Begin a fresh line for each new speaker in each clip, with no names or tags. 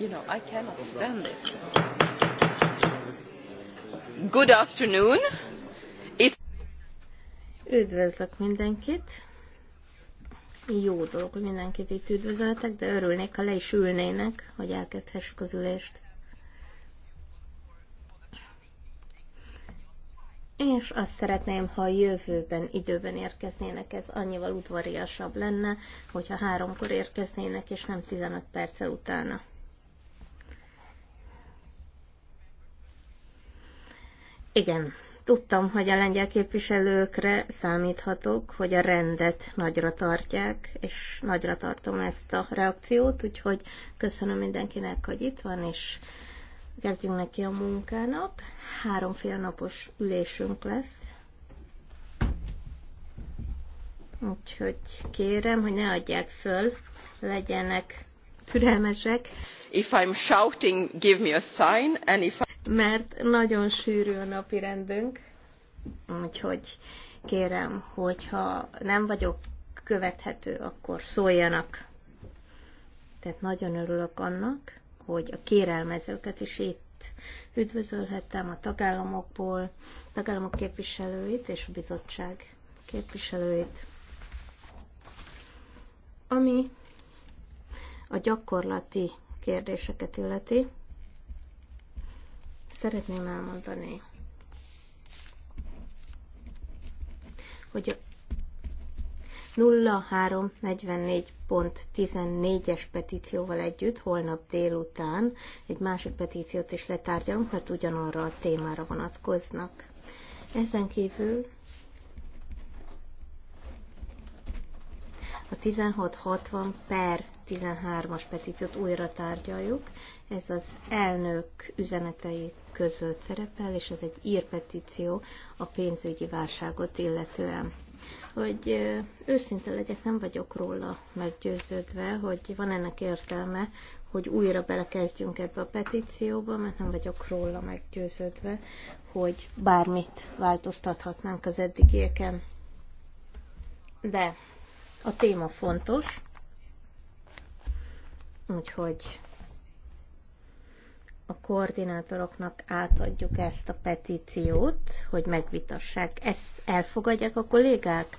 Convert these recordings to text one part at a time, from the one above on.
You know, I cannot stand this.
Good afternoon.
It's... Üdvözlök mindenkit. Jó dolog, hogy mindenkit itt üdvözöltek, de örülnék, ha le is ülnének, hogy elkezdhessük az ülést. és azt szeretném, ha a jövőben időben érkeznének, ez annyival udvariasabb lenne, hogyha háromkor érkeznének, és nem 15 perccel utána. Igen, tudtam, hogy a lengyel képviselőkre számíthatok, hogy a rendet nagyra tartják, és nagyra tartom ezt a reakciót, úgyhogy köszönöm mindenkinek, hogy itt van, és kezdjünk neki a munkának. Három félnapos ülésünk lesz. Úgyhogy kérem, hogy ne adják föl, legyenek türelmesek. If I'm shouting, give me a sign, and if I mert nagyon sűrű a napi rendünk, úgyhogy kérem, hogyha nem vagyok követhető, akkor szóljanak. Tehát nagyon örülök annak, hogy a kérelmezőket is itt üdvözölhettem, a tagállamokból, a tagállamok képviselőit és a bizottság képviselőit. Ami a gyakorlati kérdéseket illeti, szeretném elmondani, hogy a 0344.14-es petícióval együtt holnap délután egy másik petíciót is letárgyalunk, mert ugyanarra a témára vonatkoznak. Ezen kívül a 1660 per 13-as petíciót újra tárgyaljuk. Ez az elnök üzenetei között szerepel, és ez egy ír petíció a pénzügyi válságot illetően. Hogy őszinte legyek, nem vagyok róla meggyőződve, hogy van ennek értelme, hogy újra belekezdjünk ebbe a petícióba, mert nem vagyok róla meggyőződve, hogy bármit változtathatnánk az eddigieken. De a téma fontos, Úgyhogy a koordinátoroknak átadjuk ezt a petíciót, hogy megvitassák. Ezt elfogadják a kollégák?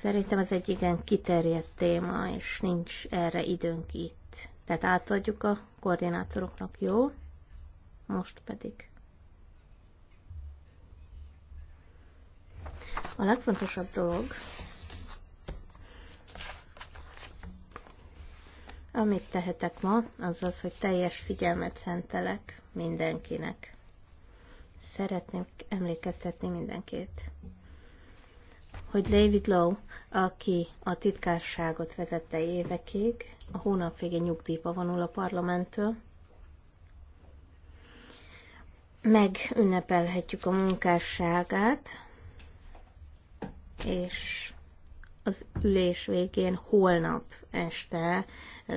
Szerintem ez egy igen kiterjedt téma, és nincs erre időnk itt. Tehát átadjuk a koordinátoroknak, jó? Most pedig. A legfontosabb dolog, Amit tehetek ma, az az, hogy teljes figyelmet szentelek mindenkinek. Szeretnék emlékeztetni mindenkit, hogy David Lowe, aki a titkárságot vezette évekig, a hónap végén nyugdíjba vonul a parlamenttől, megünnepelhetjük a munkásságát, és az ülés végén holnap este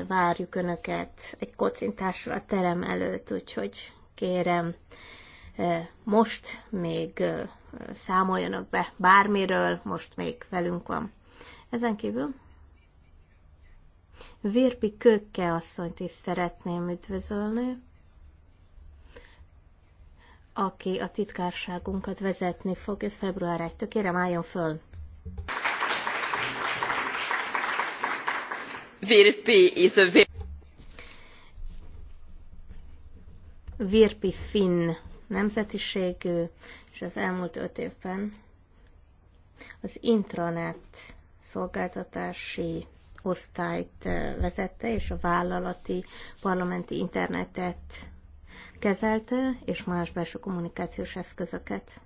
várjuk Önöket egy kocintásra a terem előtt, úgyhogy kérem, most még számoljanak be bármiről, most még velünk van. Ezen kívül Virpi Kökke asszonyt is szeretném üdvözölni, aki a titkárságunkat vezetni fog, ez február 1-től. Kérem, álljon föl! Virpi finn nemzetiségű, és az elmúlt öt évben az intranet szolgáltatási osztályt eh, vezette, és a vállalati parlamenti internetet kezelte, és más belső kommunikációs eszközöket.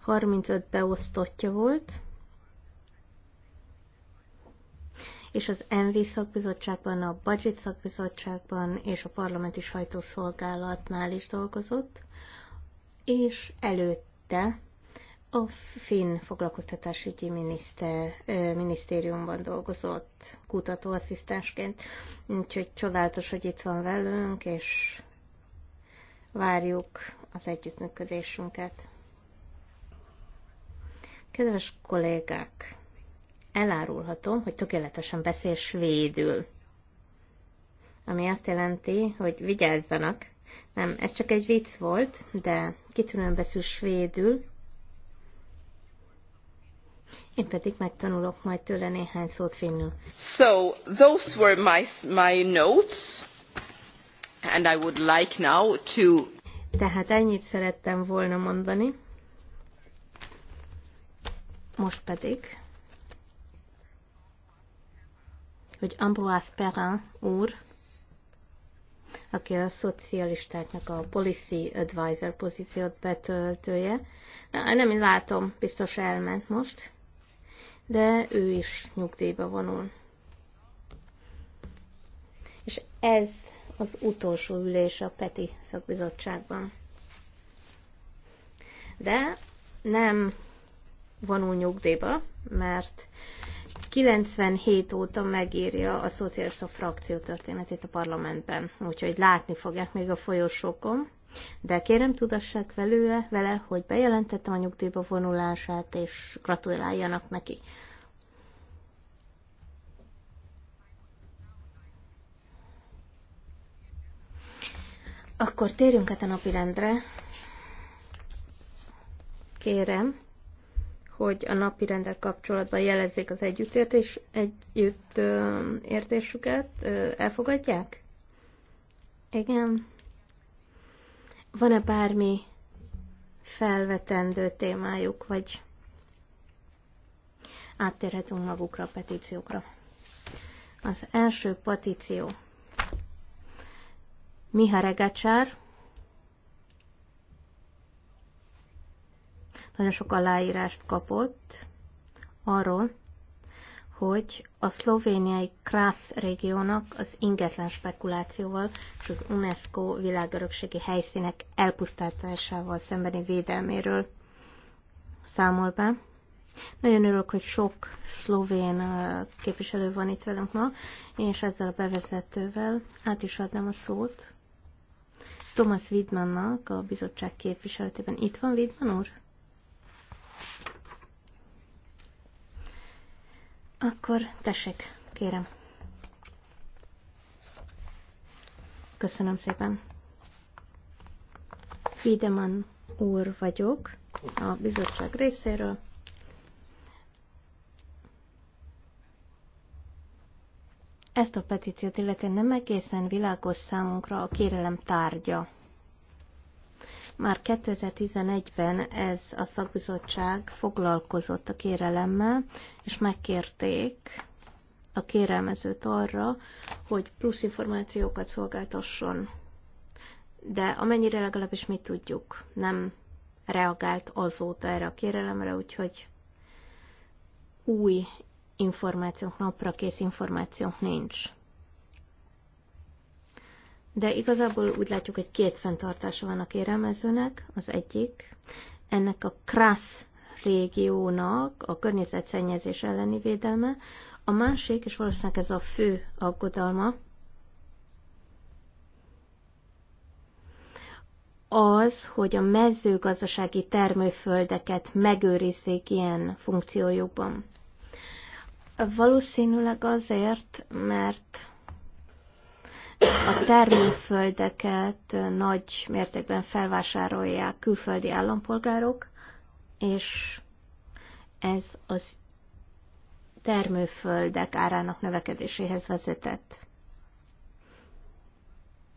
35 beosztottja volt, és az ENVI szakbizottságban, a Budget szakbizottságban és a parlamenti sajtószolgálatnál is dolgozott, és előtte a Finn foglalkoztatásügyi miniszter, minisztériumban dolgozott kutatóasszisztensként, úgyhogy csodálatos, hogy itt van velünk, és várjuk az együttműködésünket. Kedves kollégák! elárulhatom, hogy tökéletesen beszél svédül. Ami azt jelenti, hogy vigyázzanak. Nem, ez csak egy vicc volt, de kitűnően beszél svédül. Én pedig megtanulok majd tőle néhány szót finnül.
So, those were my, my notes, and I would like now
to... Tehát ennyit szerettem volna mondani. Most pedig hogy Ambroise Perrin úr, aki a szocialistáknak a policy advisor pozíciót betöltője, nem én látom, biztos elment most, de ő is nyugdíjba vonul. És ez az utolsó ülés a PETI szakbizottságban. De nem vonul nyugdíjba, mert 97 óta megírja a szocialista frakció történetét a parlamentben, úgyhogy látni fogják még a folyosókon. De kérem, tudassák velőle, vele, hogy bejelentettem a nyugdíjba vonulását, és gratuláljanak neki. Akkor térjünk át a napirendre. Kérem, hogy a napi rendek kapcsolatban jelezzék az együttértés, ö, Elfogadják? Igen. Van-e bármi felvetendő témájuk, vagy áttérhetünk magukra a petíciókra? Az első petíció. Miha Regacsár, nagyon sok aláírást kapott arról, hogy a szlovéniai Krász régiónak az ingetlen spekulációval és az UNESCO világörökségi helyszínek elpusztításával szembeni védelméről számol be. Nagyon örülök, hogy sok szlovén képviselő van itt velünk ma, és ezzel a bevezetővel át is adnám a szót Thomas Widmannak, a bizottság képviseletében. Itt van Widman úr? Akkor tessék, kérem. Köszönöm szépen. Fideman úr vagyok a bizottság részéről. Ezt a petíciót illetve nem egészen világos számunkra a kérelem tárgya. Már 2011-ben ez a szakbizottság foglalkozott a kérelemmel, és megkérték a kérelmezőt arra, hogy plusz információkat szolgáltasson. De amennyire legalábbis mi tudjuk, nem reagált azóta erre a kérelemre, úgyhogy új információk, napra kész információk nincs de igazából úgy látjuk, hogy két fenntartása van a kérelmezőnek. Az egyik, ennek a Krasz régiónak a környezetszennyezés elleni védelme, a másik, és valószínűleg ez a fő aggodalma, az, hogy a mezőgazdasági termőföldeket megőrizzék ilyen funkciójukban. Valószínűleg azért, mert a termőföldeket nagy mértékben felvásárolják külföldi állampolgárok, és ez az termőföldek árának növekedéséhez vezetett.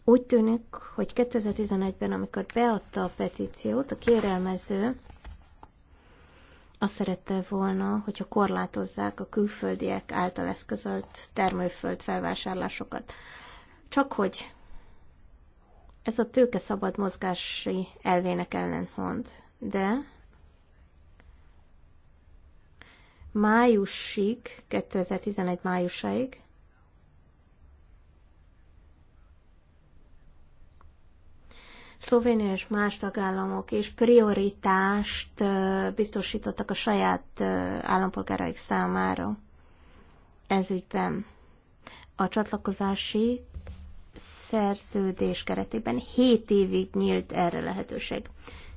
Úgy tűnik, hogy 2011-ben, amikor beadta a petíciót, a kérelmező azt szerette volna, hogyha korlátozzák a külföldiek által eszközölt termőföld felvásárlásokat. Csak hogy ez a tőke szabad mozgási elvének ellentmond, de májusig, 2011 májusáig Szlovénia és más tagállamok és prioritást biztosítottak a saját állampolgáraik számára ezügyben. A csatlakozási szerződés keretében 7 évig nyílt erre lehetőség.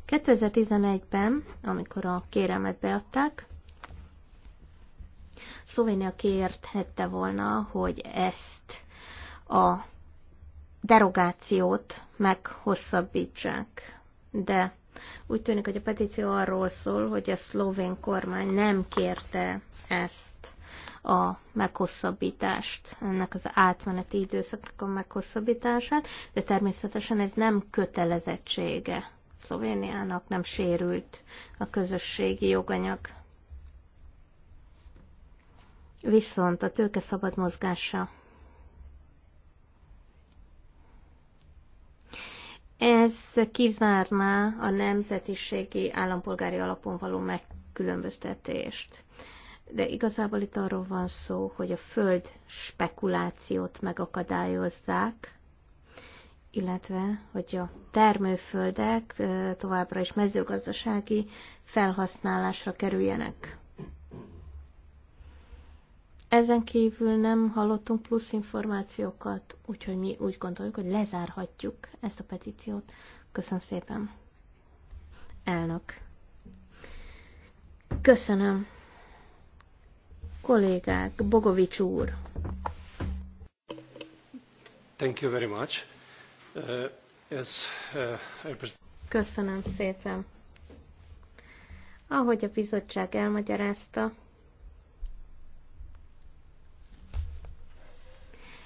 2011-ben, amikor a kéremet beadták, Szlovénia kérthette volna, hogy ezt a derogációt meghosszabbítsák. De úgy tűnik, hogy a petíció arról szól, hogy a szlovén kormány nem kérte ezt a meghosszabbítást, ennek az átmeneti időszaknak a meghosszabbítását, de természetesen ez nem kötelezettsége Szlovéniának, nem sérült a közösségi joganyag. Viszont a tőke szabad mozgása Ez kizárná a nemzetiségi állampolgári alapon való megkülönböztetést de igazából itt arról van szó, hogy a föld spekulációt megakadályozzák, illetve hogy a termőföldek továbbra is mezőgazdasági felhasználásra kerüljenek. Ezen kívül nem hallottunk plusz információkat, úgyhogy mi úgy gondoljuk, hogy lezárhatjuk ezt a petíciót. Köszönöm szépen. Elnök. Köszönöm. Kollégák, Bogovics úr.
Thank you very much. Uh, as, uh, I...
Köszönöm szépen. Ahogy a bizottság elmagyarázta,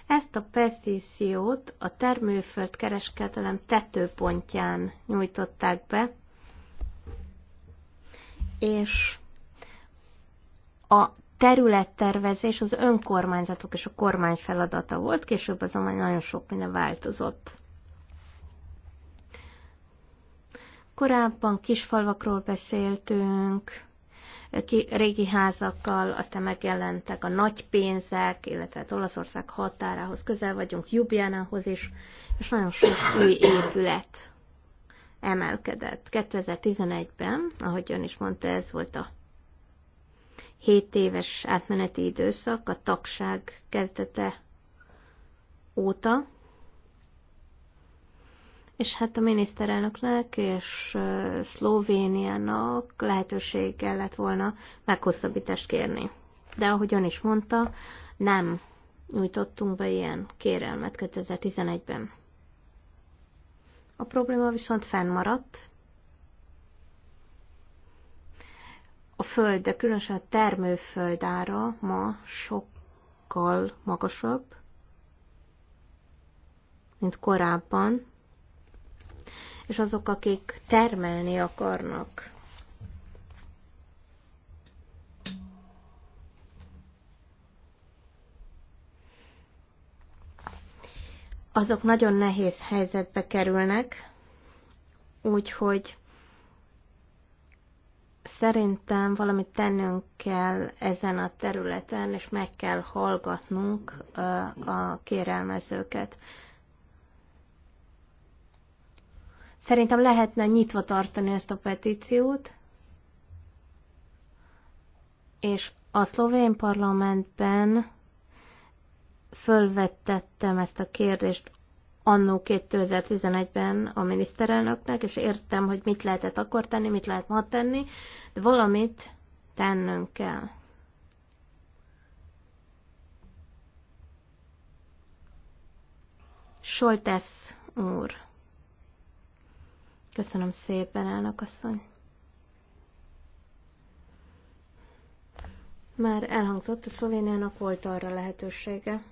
Ezt a petíciót a termőföld kereskedelem tetőpontján nyújtották be, és a területtervezés az önkormányzatok és a kormány feladata volt, később azonban nagyon sok minden változott. Korábban kisfalvakról beszéltünk, régi házakkal, aztán megjelentek a nagy pénzek, illetve hát Olaszország határához közel vagyunk, Jubjánához is, és nagyon sok új épület emelkedett. 2011-ben, ahogy ön is mondta, ez volt a 7 éves átmeneti időszak a tagság kezdete óta, és hát a miniszterelnöknek és Szlovéniának lehetősége lett volna meghosszabbítást kérni. De ahogy ön is mondta, nem nyújtottunk be ilyen kérelmet 2011-ben. A probléma viszont fennmaradt, a föld, de különösen a termőföld ára ma sokkal magasabb, mint korábban, és azok, akik termelni akarnak, azok nagyon nehéz helyzetbe kerülnek, úgyhogy Szerintem valamit tennünk kell ezen a területen, és meg kell hallgatnunk a kérelmezőket. Szerintem lehetne nyitva tartani ezt a petíciót, és a szlovén parlamentben fölvettettem ezt a kérdést annó 2011-ben a miniszterelnöknek, és értem, hogy mit lehetett akkor tenni, mit lehet ma tenni, de valamit tennünk kell. Soltesz úr. Köszönöm szépen, elnök asszony. Már elhangzott, a Szlovéniának volt arra lehetősége,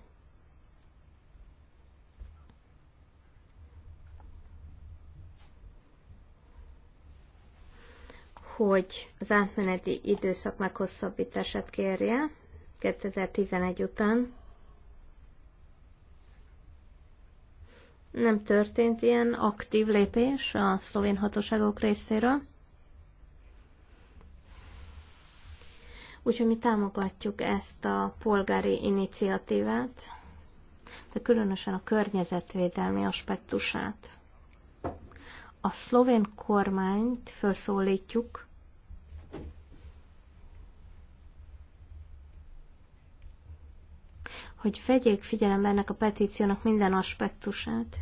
hogy az átmeneti időszak meghosszabbítását kérje 2011 után. Nem történt ilyen aktív lépés a szlovén hatóságok részéről. Úgyhogy mi támogatjuk ezt a polgári iniciatívát, de különösen a környezetvédelmi aspektusát. A szlovén kormányt felszólítjuk, hogy vegyék figyelembe ennek a petíciónak minden aspektusát.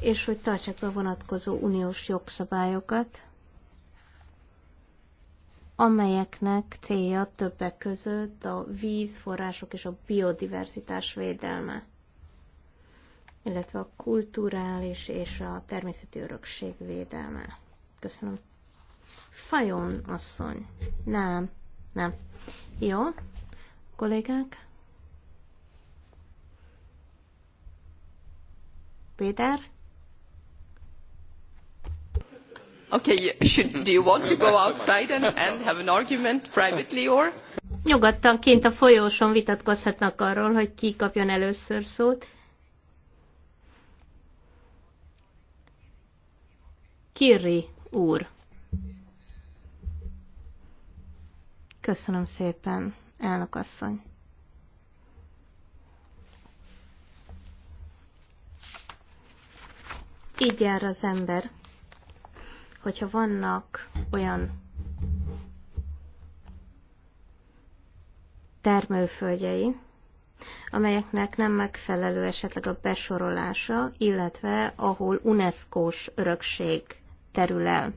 és hogy tartsák be vonatkozó uniós jogszabályokat, amelyeknek célja többek között a vízforrások és a biodiverzitás védelme, illetve a kulturális és a természeti örökség védelme. Köszönöm. Fajon asszony. Nem, nem. Jó, kollégák? Péter?
Okay, should, do you want to go outside and, and have an argument privately or?
Nyugodtan kint a folyóson vitatkozhatnak arról, hogy ki kapjon először szót. Kiri úr. Köszönöm szépen, elnök asszony. Így jár az ember, hogyha vannak olyan termőföldjei, amelyeknek nem megfelelő esetleg a besorolása, illetve ahol UNESCO-s örökség terül el.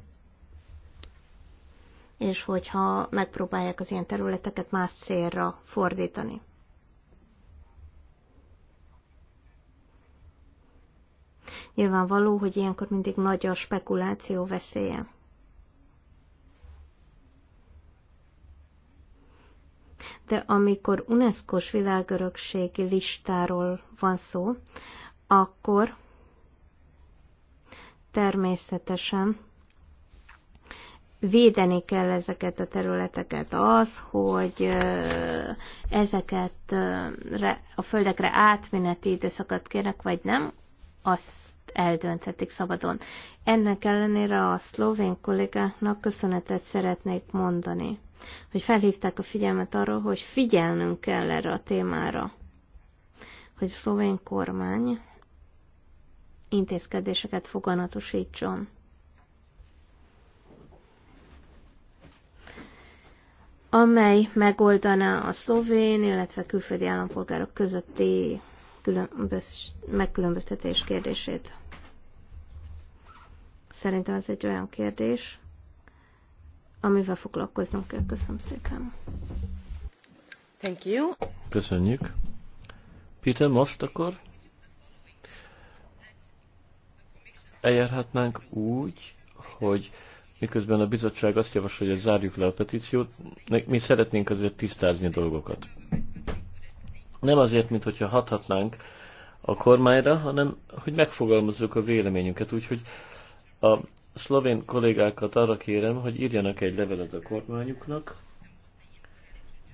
És hogyha megpróbálják az ilyen területeket más célra fordítani. Nyilvánvaló, hogy ilyenkor mindig nagy a spekuláció veszélye. De amikor UNESCO-s világörökségi listáról van szó, akkor természetesen védeni kell ezeket a területeket. Az, hogy ezeket a földekre átmeneti időszakat kérnek, vagy nem, azt eldönthetik szabadon. Ennek ellenére a szlovén kollégáknak köszönetet szeretnék mondani, hogy felhívták a figyelmet arra, hogy figyelnünk kell erre a témára, hogy a szlovén kormány intézkedéseket foganatosítson. amely megoldaná a szlovén, illetve külföldi állampolgárok közötti különböz, megkülönböztetés kérdését. Szerintem ez egy olyan kérdés, amivel foglalkoznunk kell. Köszönöm szépen.
Thank you.
Köszönjük. Peter, most akkor? eljárhatnánk úgy, hogy miközben a bizottság azt javasolja, hogy zárjuk le a petíciót, mi szeretnénk azért tisztázni dolgokat. Nem azért, mint hogyha hathatnánk a kormányra, hanem hogy megfogalmazzuk a véleményünket. Úgyhogy a szlovén kollégákat arra kérem, hogy írjanak egy levelet a kormányuknak,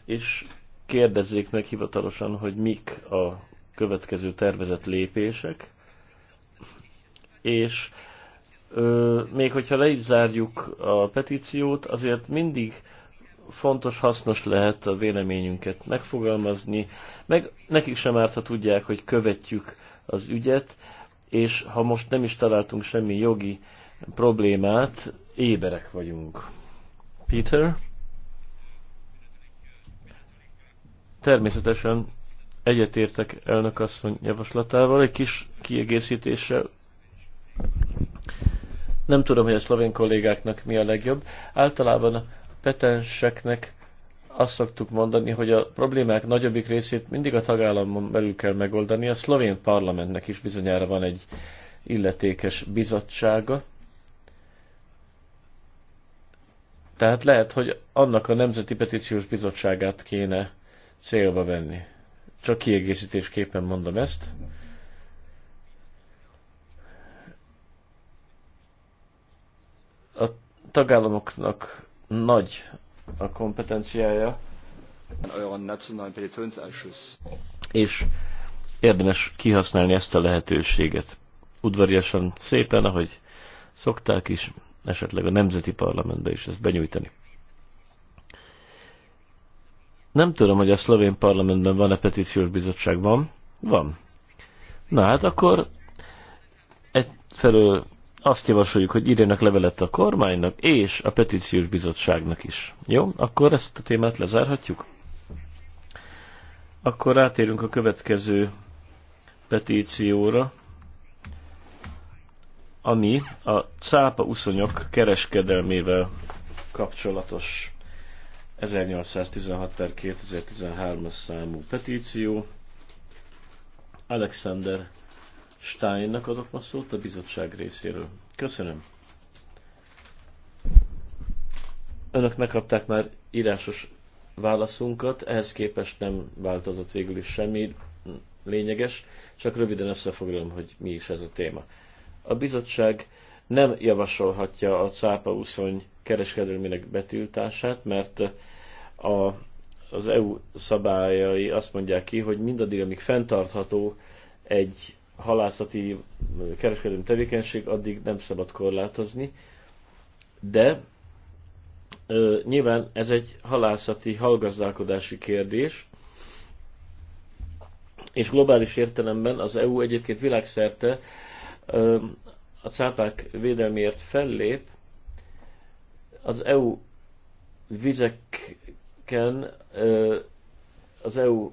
és kérdezzék meg hivatalosan, hogy mik a következő tervezett lépések, és ö, még hogyha le is zárjuk a petíciót, azért mindig fontos, hasznos lehet a véleményünket megfogalmazni, meg nekik sem árt, ha tudják, hogy követjük az ügyet, és ha most nem is találtunk semmi jogi problémát, éberek vagyunk. Peter? Természetesen egyetértek elnök asszony javaslatával, egy kis kiegészítéssel nem tudom, hogy a szlovén kollégáknak mi a legjobb. Általában a petenseknek azt szoktuk mondani, hogy a problémák nagyobbik részét mindig a tagállamon belül kell megoldani. A szlovén parlamentnek is bizonyára van egy illetékes bizottsága. Tehát lehet, hogy annak a Nemzeti Petíciós Bizottságát kéne célba venni. Csak kiegészítésképpen mondom ezt. a tagállamoknak nagy a kompetenciája. És érdemes kihasználni ezt a lehetőséget. Udvariasan szépen, ahogy szokták is, esetleg a nemzeti parlamentbe is ezt benyújtani. Nem tudom, hogy a szlovén parlamentben van-e petíciós bizottság. Van? Van. Na hát akkor egyfelől azt javasoljuk, hogy írjanak levelet a kormánynak és a petíciós bizottságnak is. Jó? Akkor ezt a témát lezárhatjuk? Akkor rátérünk a következő petícióra, ami a cápa uszonyok kereskedelmével kapcsolatos 1816 per 2013 számú petíció. Alexander Steinnak adok ma szót a bizottság részéről. Köszönöm. Önök megkapták már írásos válaszunkat, ehhez képest nem változott végül is semmi lényeges, csak röviden összefoglalom, hogy mi is ez a téma. A bizottság nem javasolhatja a cápa uszony kereskedelmének betiltását, mert a, az EU szabályai azt mondják ki, hogy mindaddig, amíg fenntartható egy halászati kereskedelmi tevékenység, addig nem szabad korlátozni. De ö, nyilván ez egy halászati, hallgazdálkodási kérdés, és globális értelemben az EU egyébként világszerte ö, a cápák védelmiért fellép, az EU vizeken ö, az EU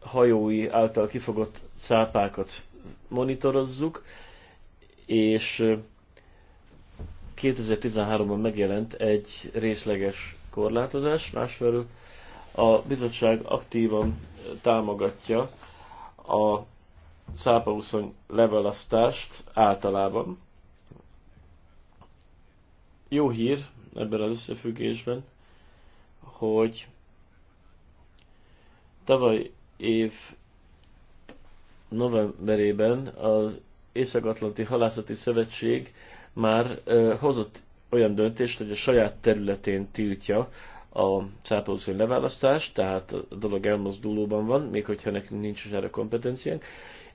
hajói által kifogott cápákat monitorozzuk, és 2013-ban megjelent egy részleges korlátozás, másfelől a bizottság aktívan támogatja a szápauszony levelasztást általában. Jó hír ebben az összefüggésben, hogy tavaly év novemberében az Észak-Atlanti Halászati Szövetség már ö, hozott olyan döntést, hogy a saját területén tiltja a cápolószín leválasztást, tehát a dolog elmozdulóban van, még hogyha nekünk nincs is erre kompetenciánk,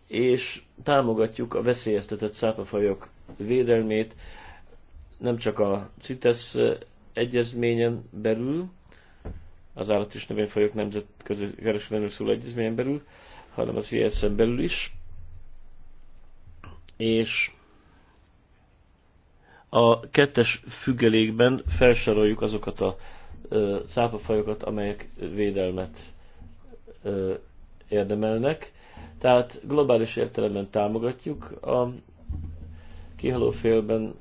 és támogatjuk a veszélyeztetett szápafajok védelmét, nem csak a CITES egyezményen belül, az állat és növényfajok nemzetközi kereskedelmi szóló egyezményen belül, hanem az ISZ-en belül is. És a kettes függelékben felsoroljuk azokat a ö, cápafajokat, amelyek védelmet érdemelnek. Tehát globális értelemben támogatjuk a kihalófélben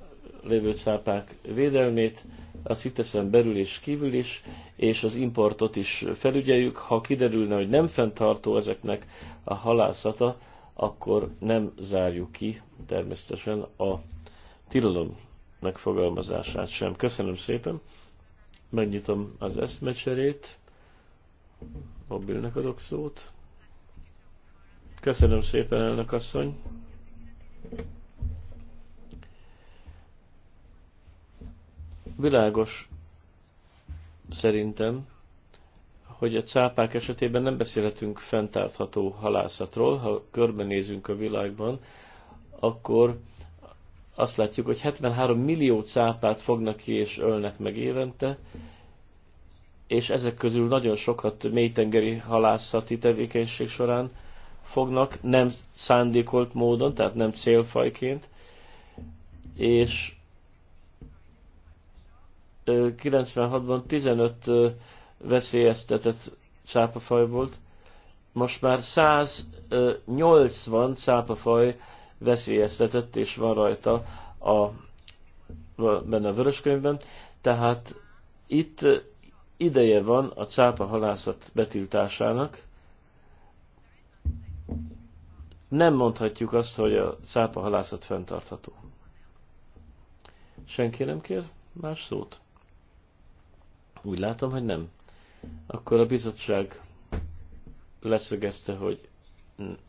lévő cápák védelmét, a CITES-en belül és kívül is, és az importot is felügyeljük. Ha kiderülne, hogy nem fenntartó ezeknek a halászata, akkor nem zárjuk ki természetesen a tilalom megfogalmazását sem. Köszönöm szépen. Megnyitom az eszmecserét. Mobilnek adok szót. Köszönöm szépen, elnök asszony. Világos szerintem, hogy a cápák esetében nem beszélhetünk fenntartható halászatról. Ha körbenézünk a világban, akkor azt látjuk, hogy 73 millió cápát fognak ki és ölnek meg évente, és ezek közül nagyon sokat mélytengeri halászati tevékenység során fognak, nem szándékolt módon, tehát nem célfajként, és 96-ban 15 veszélyeztetett szápafaj volt, most már 180 szápafaj veszélyeztetett, és van rajta a, benne a vöröskönyvben, tehát itt ideje van a cápa halászat betiltásának. Nem mondhatjuk azt, hogy a cápa halászat fenntartható. Senki nem kér más szót? Úgy látom, hogy nem. Akkor a bizottság leszögezte, hogy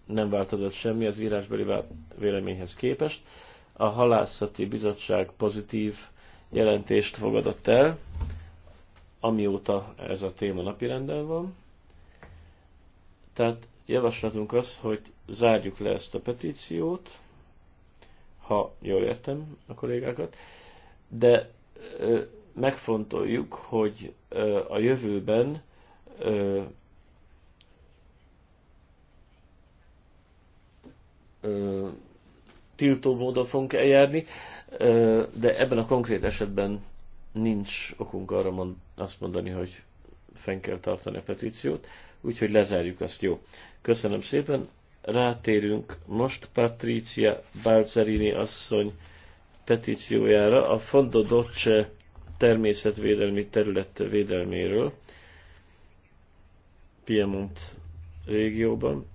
nem változott semmi az írásbeli véleményhez képest. A halászati bizottság pozitív jelentést fogadott el, amióta ez a téma napirenden van. Tehát javaslatunk az, hogy zárjuk le ezt a petíciót, ha jól értem a kollégákat, de megfontoljuk, hogy a jövőben tiltó módon fogunk eljárni, de ebben a konkrét esetben nincs okunk arra azt mondani, hogy fenn kell tartani a petíciót, úgyhogy lezárjuk azt, jó. Köszönöm szépen, rátérünk most Patricia Balzerini asszony petíciójára, a Fondo Docce természetvédelmi terület védelméről Piemont régióban.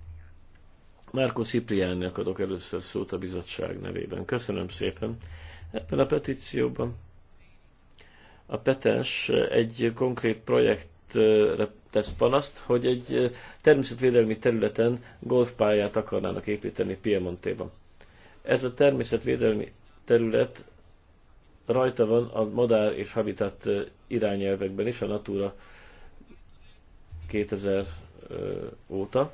Márko Cipriánnak adok először szót a bizottság nevében. Köszönöm szépen. Ebben a petícióban a Petens egy konkrét projektre tesz panaszt, hogy egy természetvédelmi területen golfpályát akarnának építeni Piemontéban. Ez a természetvédelmi terület rajta van a madár és habitat irányelvekben is, a Natura 2000 óta.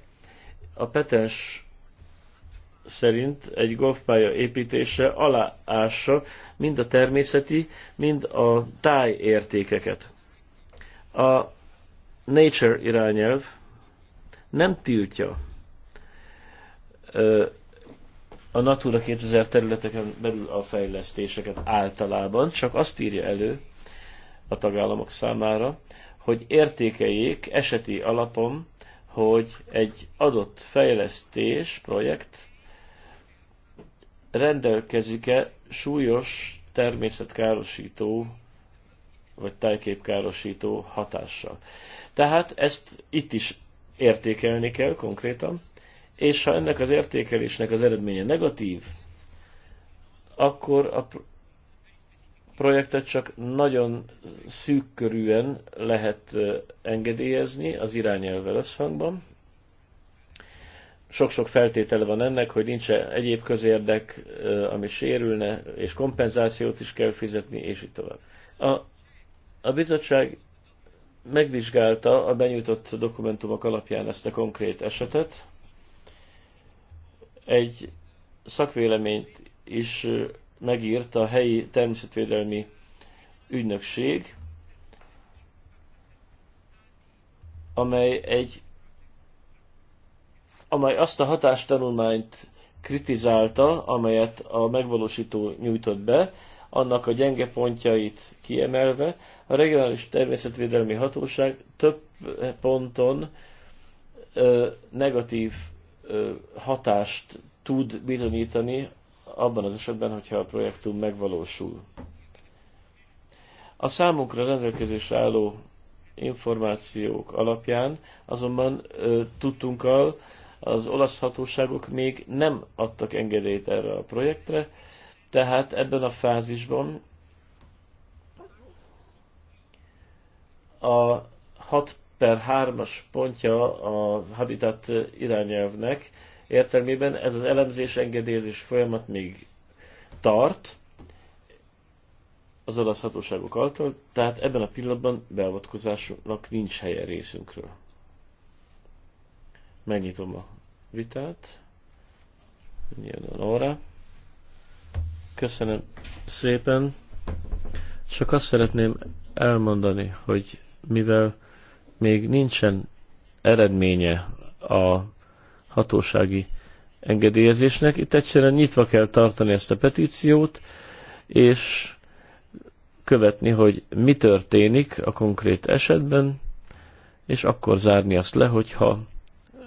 A petens szerint egy golfpálya építése aláássa mind a természeti, mind a táj értékeket. A Nature irányelv nem tiltja a Natura 2000 területeken belül a fejlesztéseket általában, csak azt írja elő a tagállamok számára, hogy értékeljék eseti alapon, hogy egy adott fejlesztés, projekt rendelkezik-e súlyos természetkárosító vagy tájképkárosító hatással. Tehát ezt itt is értékelni kell konkrétan, és ha ennek az értékelésnek az eredménye negatív, akkor a projektet csak nagyon szűkkörűen lehet engedélyezni az irányelvvel összhangban. Sok-sok feltétele van ennek, hogy nincs -e egyéb közérdek, ami sérülne, és kompenzációt is kell fizetni, és így tovább. A, a bizottság megvizsgálta a benyújtott dokumentumok alapján ezt a konkrét esetet, egy szakvéleményt is megírt a helyi természetvédelmi ügynökség, amely egy amely azt a hatástanulmányt kritizálta, amelyet a megvalósító nyújtott be, annak a gyenge pontjait kiemelve, a regionális természetvédelmi hatóság több ponton ö, negatív hatást tud bizonyítani abban az esetben, hogyha a projektum megvalósul. A számunkra rendelkezésre álló információk alapján azonban tudtunk al, az olasz hatóságok még nem adtak engedélyt erre a projektre, tehát ebben a fázisban a hat per 3-as pontja a Habitat irányelvnek értelmében ez az elemzés engedélyezés folyamat még tart az hatóságok által, tehát ebben a pillanatban beavatkozásnak nincs helye részünkről. Megnyitom a vitát. Nyilván óra. Köszönöm szépen. Csak azt szeretném elmondani, hogy mivel még nincsen eredménye a hatósági engedélyezésnek. Itt egyszerűen nyitva kell tartani ezt a petíciót, és követni, hogy mi történik a konkrét esetben, és akkor zárni azt le, hogyha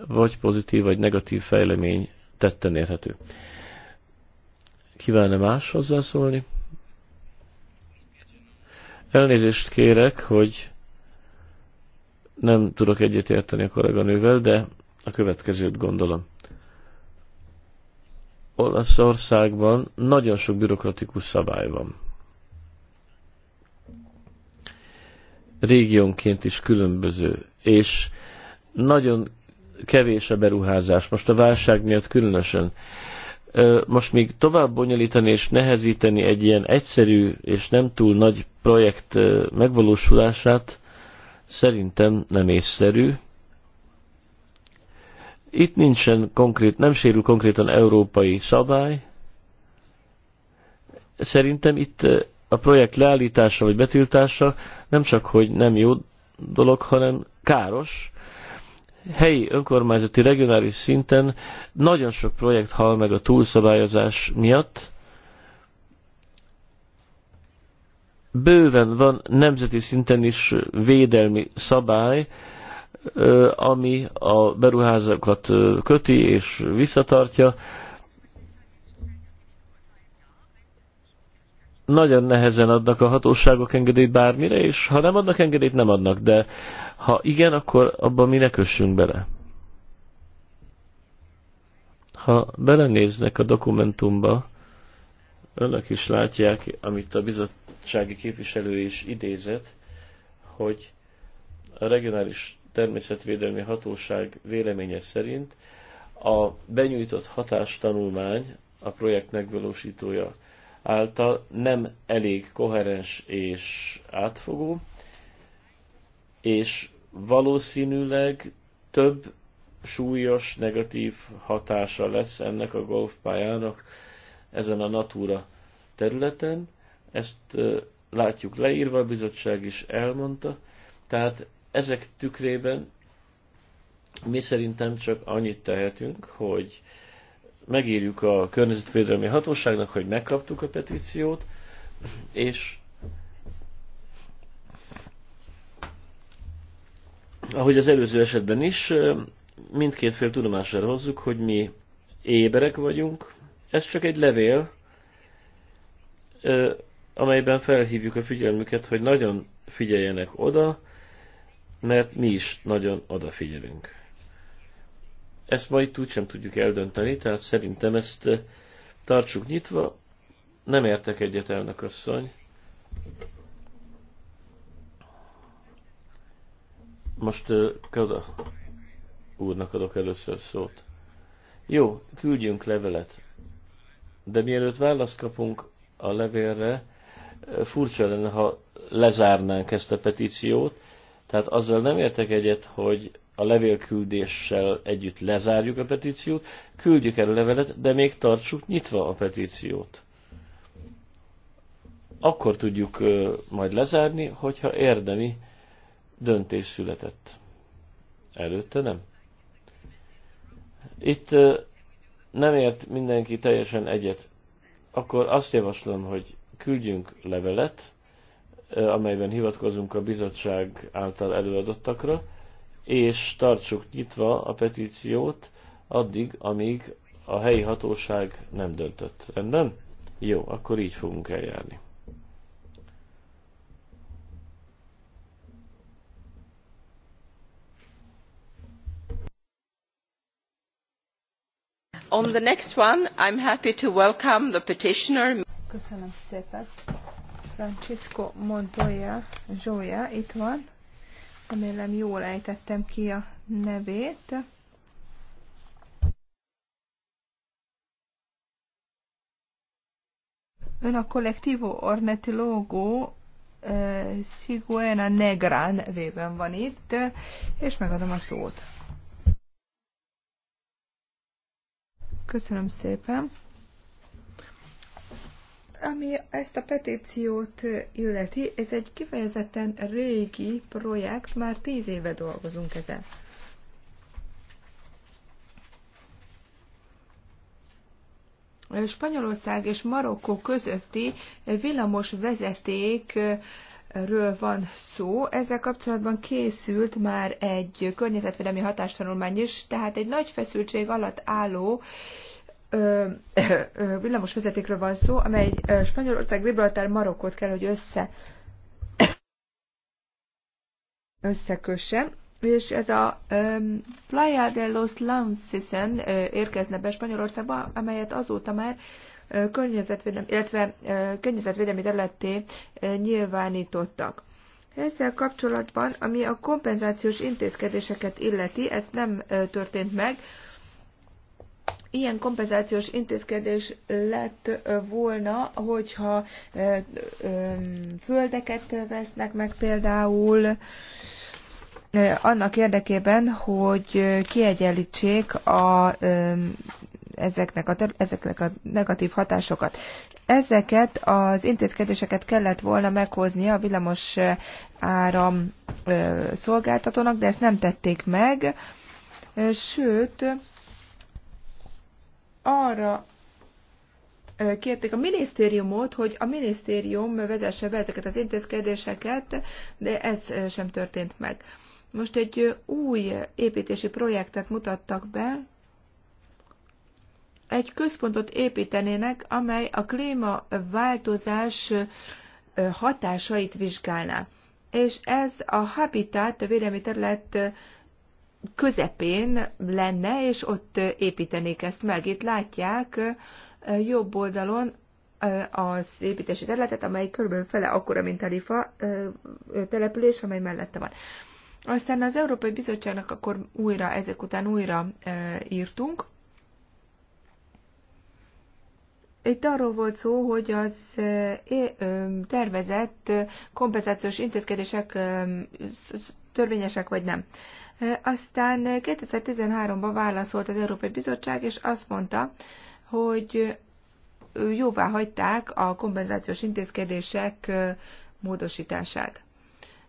vagy pozitív, vagy negatív fejlemény tetten érhető. Kívánne más hozzászólni? Elnézést kérek, hogy nem tudok egyetérteni a kolléganővel, de a következőt gondolom. Olaszországban nagyon sok bürokratikus szabály van. Régiónként is különböző, és nagyon kevés a beruházás, most a válság miatt különösen. Most még tovább bonyolítani és nehezíteni egy ilyen egyszerű és nem túl nagy projekt megvalósulását, szerintem nem észszerű. Itt nincsen konkrét, nem sérül konkrétan európai szabály. Szerintem itt eh, a projekt leállítása vagy betiltása nem csak, hogy nem jó dolog, hanem káros. Helyi, önkormányzati, regionális szinten nagyon sok projekt hal meg a túlszabályozás miatt, bőven van nemzeti szinten is védelmi szabály, ami a beruházókat köti és visszatartja. Nagyon nehezen adnak a hatóságok engedélyt bármire, és ha nem adnak engedélyt, nem adnak, de ha igen, akkor abban mi ne kössünk bele. Ha belenéznek a dokumentumba, önök is látják, amit a bizottsági képviselő is idézett, hogy a regionális természetvédelmi hatóság véleménye szerint a benyújtott hatástanulmány a projekt megvalósítója által nem elég koherens és átfogó, és valószínűleg több súlyos negatív hatása lesz ennek a golfpályának ezen a Natura területen. Ezt látjuk leírva, a bizottság is elmondta. Tehát ezek tükrében mi szerintem csak annyit tehetünk, hogy megírjuk a környezetvédelmi hatóságnak, hogy megkaptuk a petíciót, és ahogy az előző esetben is, mindkét fél tudomására hozzuk, hogy mi éberek vagyunk, ez csak egy levél, amelyben felhívjuk a figyelmüket, hogy nagyon figyeljenek oda, mert mi is nagyon odafigyelünk. Ezt majd itt úgysem tudjuk eldönteni, tehát szerintem ezt tartsuk nyitva. Nem értek egyet, elnök asszony. Most Kada úrnak adok először szót. Jó, küldjünk levelet de mielőtt választ kapunk a levélre, furcsa lenne, ha lezárnánk ezt a petíciót, tehát azzal nem értek egyet, hogy a levélküldéssel együtt lezárjuk a petíciót, küldjük el a levelet, de még tartsuk nyitva a petíciót. Akkor tudjuk majd lezárni, hogyha érdemi döntés született. Előtte nem. Itt nem ért mindenki teljesen egyet, akkor azt javaslom, hogy küldjünk levelet, amelyben hivatkozunk a bizottság által előadottakra, és tartsuk nyitva a petíciót addig, amíg a helyi hatóság nem döntött. Rendben? Jó, akkor így fogunk eljárni.
on the next one i am happy to welcome the petitioner Köszönöm szépen. Francisco Montoya Zsója itt van. Remélem jól ejtettem ki a nevét. Ön a Collectivo Ornitologo eh, Siguena Negra nevében van itt, és megadom a szót. Köszönöm szépen. Ami ezt a petíciót illeti, ez egy kifejezetten régi projekt, már tíz éve dolgozunk ezen. Spanyolország és Marokkó közötti villamos vezeték ről van szó. Ezzel kapcsolatban készült már egy környezetvédelmi hatástanulmány is, tehát egy nagy feszültség alatt álló villamos vezetékről van szó, amely Spanyolország, Gibraltar, Marokkot kell, hogy össze összekösse, és ez a um, Playa de los Lancisen érkezne be Spanyolországba, amelyet azóta már uh, környezetvédelmi, illetve környezetvédelmi területté nyilvánítottak. Ezzel kapcsolatban, ami a kompenzációs intézkedéseket illeti, ez nem történt meg. Ilyen kompenzációs intézkedés lett volna, hogyha földeket vesznek meg például, annak érdekében, hogy kiegyenlítsék a ezeknek a, ezeknek a negatív hatásokat. Ezeket az intézkedéseket kellett volna meghoznia a villamos áram szolgáltatónak, de ezt nem tették meg, sőt, arra kérték a minisztériumot, hogy a minisztérium vezesse be ezeket az intézkedéseket, de ez sem történt meg. Most egy új építési projektet mutattak be, egy központot építenének, amely a klímaváltozás hatásait vizsgálná. És ez a habitat, a védelmi terület közepén lenne, és ott építenék ezt meg. Itt látják jobb oldalon az építési területet, amely körülbelül fele akkora, mint a Lifa település, amely mellette van. Aztán az Európai Bizottságnak akkor újra, ezek után újra írtunk, itt arról volt szó, hogy az tervezett kompenzációs intézkedések törvényesek vagy nem. Aztán 2013-ban válaszolt az Európai Bizottság, és azt mondta, hogy jóvá hagyták a kompenzációs intézkedések módosítását.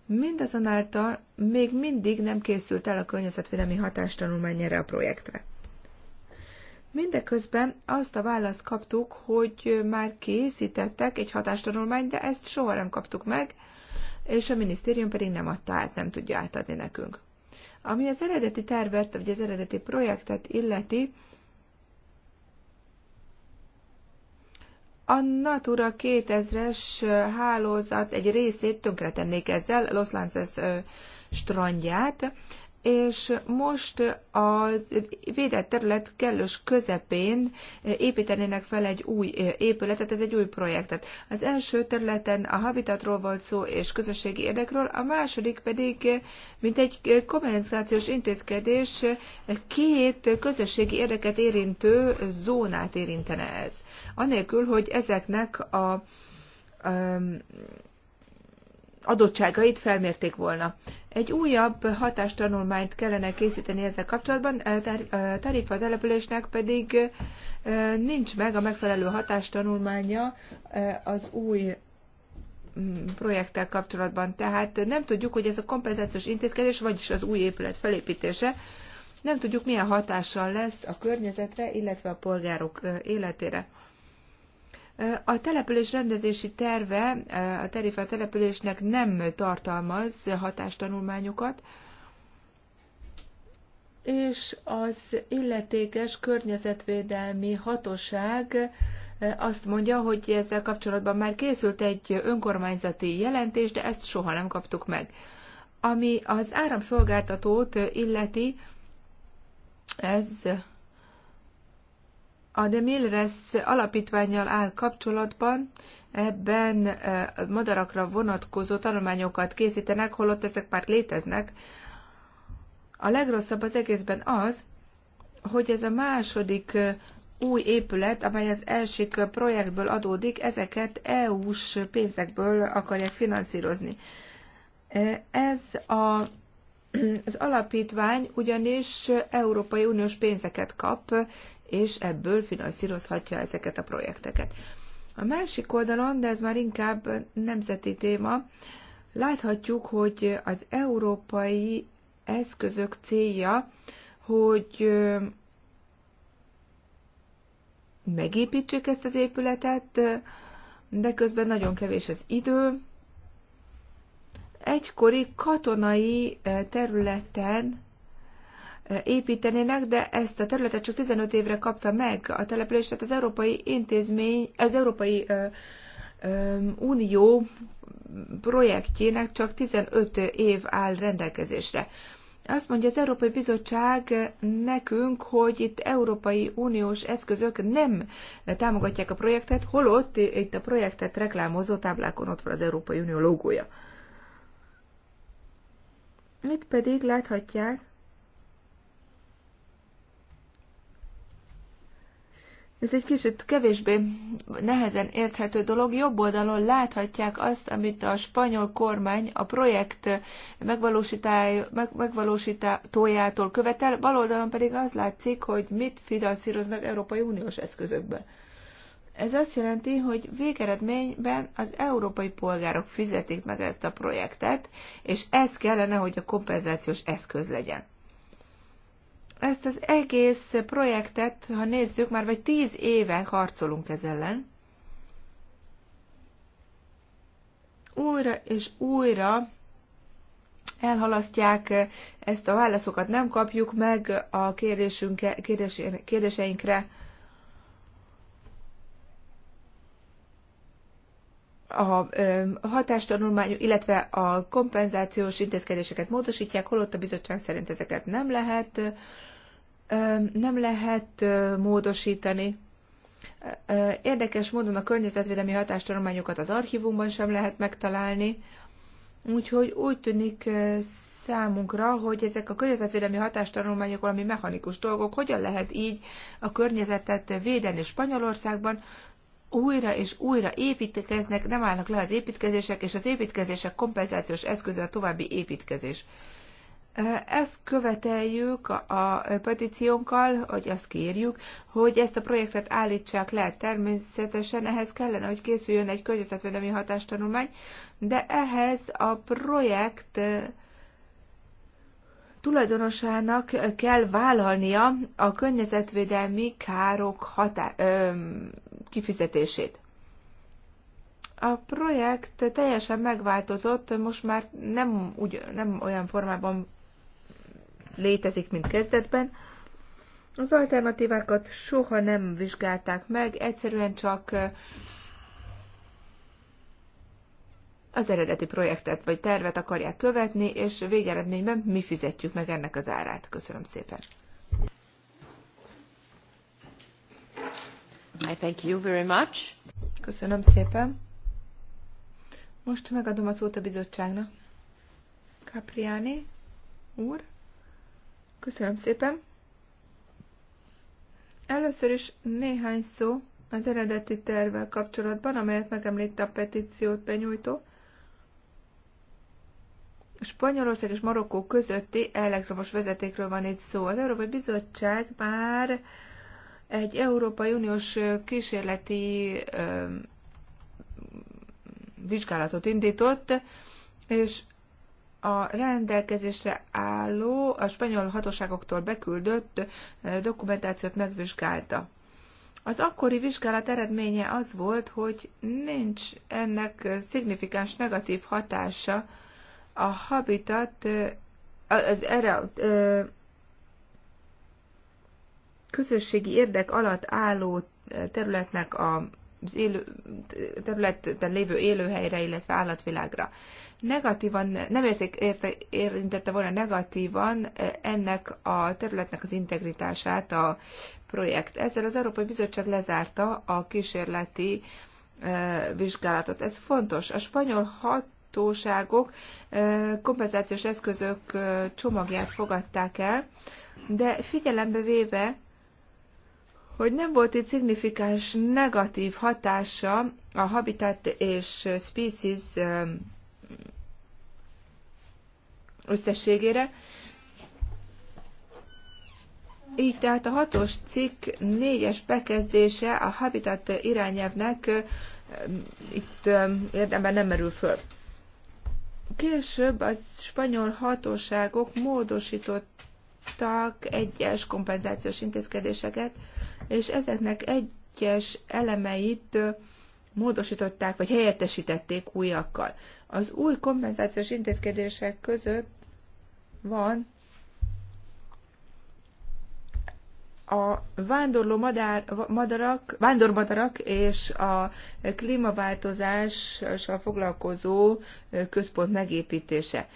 Mindazonáltal még mindig nem készült el a környezetvédelmi hatástanulmány erre a projektre. Mindeközben azt a választ kaptuk, hogy már készítettek egy hatástanulmányt, de ezt soha nem kaptuk meg, és a minisztérium pedig nem adta át, nem tudja átadni nekünk. Ami az eredeti tervet, vagy az eredeti projektet illeti, a Natura 2000-es hálózat egy részét tönkretennék ezzel, Los Lances strandját és most a védett terület kellős közepén építenének fel egy új épületet, ez egy új projektet. Az első területen a habitatról volt szó és közösségi érdekről, a második pedig, mint egy kompenzációs intézkedés, két közösségi érdeket érintő zónát érintene ez. Anélkül, hogy ezeknek a, a um, adottságait felmérték volna. Egy újabb hatástanulmányt kellene készíteni ezzel kapcsolatban, tarifa településnek pedig nincs meg a megfelelő hatástanulmánya az új mm, projekttel kapcsolatban. Tehát nem tudjuk, hogy ez a kompenzációs intézkedés, vagyis az új épület felépítése, nem tudjuk, milyen hatással lesz a környezetre, illetve a polgárok életére. A település rendezési terve, a tarifa településnek nem tartalmaz hatástanulmányokat, és az illetékes környezetvédelmi hatóság azt mondja, hogy ezzel kapcsolatban már készült egy önkormányzati jelentés, de ezt soha nem kaptuk meg. Ami az áramszolgáltatót illeti, ez a De Milres alapítványjal áll kapcsolatban, ebben eh, madarakra vonatkozó tanulmányokat készítenek, holott ezek már léteznek. A legrosszabb az egészben az, hogy ez a második eh, új épület, amely az első projektből adódik, ezeket EU-s pénzekből akarják finanszírozni. Eh, ez a az alapítvány ugyanis Európai Uniós pénzeket kap, és ebből finanszírozhatja ezeket a projekteket. A másik oldalon, de ez már inkább nemzeti téma, láthatjuk, hogy az európai eszközök célja, hogy megépítsék ezt az épületet, de közben nagyon kevés az idő. Egykori katonai területen építenének, de ezt a területet csak 15 évre kapta meg a település, tehát az Európai Intézmény, az Európai Unió projektjének csak 15 év áll rendelkezésre. Azt mondja az Európai Bizottság nekünk, hogy itt Európai Uniós eszközök nem támogatják a projektet, holott itt a projektet reklámozó táblákon ott van az Európai Unió logója. Itt pedig láthatják, ez egy kicsit kevésbé nehezen érthető dolog. Jobb oldalon láthatják azt, amit a spanyol kormány a projekt megvalósítójától követel, bal oldalon pedig az látszik, hogy mit finanszíroznak Európai Uniós eszközökből. Ez azt jelenti, hogy végeredményben az európai polgárok fizetik meg ezt a projektet, és ez kellene, hogy a kompenzációs eszköz legyen. Ezt az egész projektet, ha nézzük, már vagy tíz éve harcolunk ez ellen. Újra és újra elhalasztják ezt a válaszokat, nem kapjuk meg a kérésünkre, kérdéseinkre. a hatástanulmány, illetve a kompenzációs intézkedéseket módosítják, holott a bizottság szerint ezeket nem lehet nem lehet módosítani. Érdekes módon a környezetvédelmi hatástanulmányokat az archívumban sem lehet megtalálni, úgyhogy úgy tűnik számunkra, hogy ezek a környezetvédelmi hatástanulmányok valami mechanikus dolgok, hogyan lehet így a környezetet védeni Spanyolországban, újra és újra építkeznek, nem állnak le az építkezések, és az építkezések kompenzációs eszköze a további építkezés. Ezt követeljük a petíciónkkal, hogy azt kérjük, hogy ezt a projektet állítsák le. Természetesen ehhez kellene, hogy készüljön egy környezetvédelmi hatástanulmány, de ehhez a projekt tulajdonosának kell vállalnia a környezetvédelmi károk hatá- ö, kifizetését. A projekt teljesen megváltozott, most már nem, ugy, nem olyan formában létezik, mint kezdetben. Az alternatívákat soha nem vizsgálták meg, egyszerűen csak az eredeti projektet vagy tervet akarják követni, és végeredményben mi fizetjük meg ennek az árát. Köszönöm szépen. I thank you very much. Köszönöm szépen. Most megadom a szót a bizottságnak. Capriani úr. Köszönöm szépen. Először is néhány szó az eredeti tervvel kapcsolatban, amelyet megemlít a petíciót benyújtó. Spanyolország és Marokkó közötti elektromos vezetékről van itt szó. Az Európai Bizottság már egy Európai Uniós kísérleti vizsgálatot indított, és a rendelkezésre álló, a spanyol hatóságoktól beküldött dokumentációt megvizsgálta. Az akkori vizsgálat eredménye az volt, hogy nincs ennek szignifikáns negatív hatása a habitat, az erre közösségi érdek alatt álló területnek a az élő, területen lévő élőhelyre, illetve állatvilágra. Negatívan, nem érték, érte, érintette volna negatívan eh, ennek a területnek az integritását a projekt. Ezzel az Európai Bizottság lezárta a kísérleti eh, vizsgálatot. Ez fontos. A spanyol hat hatóságok eh, kompenzációs eszközök csomagját fogadták el, de figyelembe véve hogy nem volt itt szignifikáns negatív hatása a habitat és species um, összességére. Így tehát a hatos cikk négyes bekezdése a habitat irányelvnek um, itt um, érdemben nem merül föl. Később a spanyol hatóságok módosítottak egyes kompenzációs intézkedéseket, és ezeknek egyes elemeit módosították, vagy helyettesítették újakkal. Az új kompenzációs intézkedések között van a vándorló madár, madarak, vándormadarak és a klímaváltozással foglalkozó központ megépítése.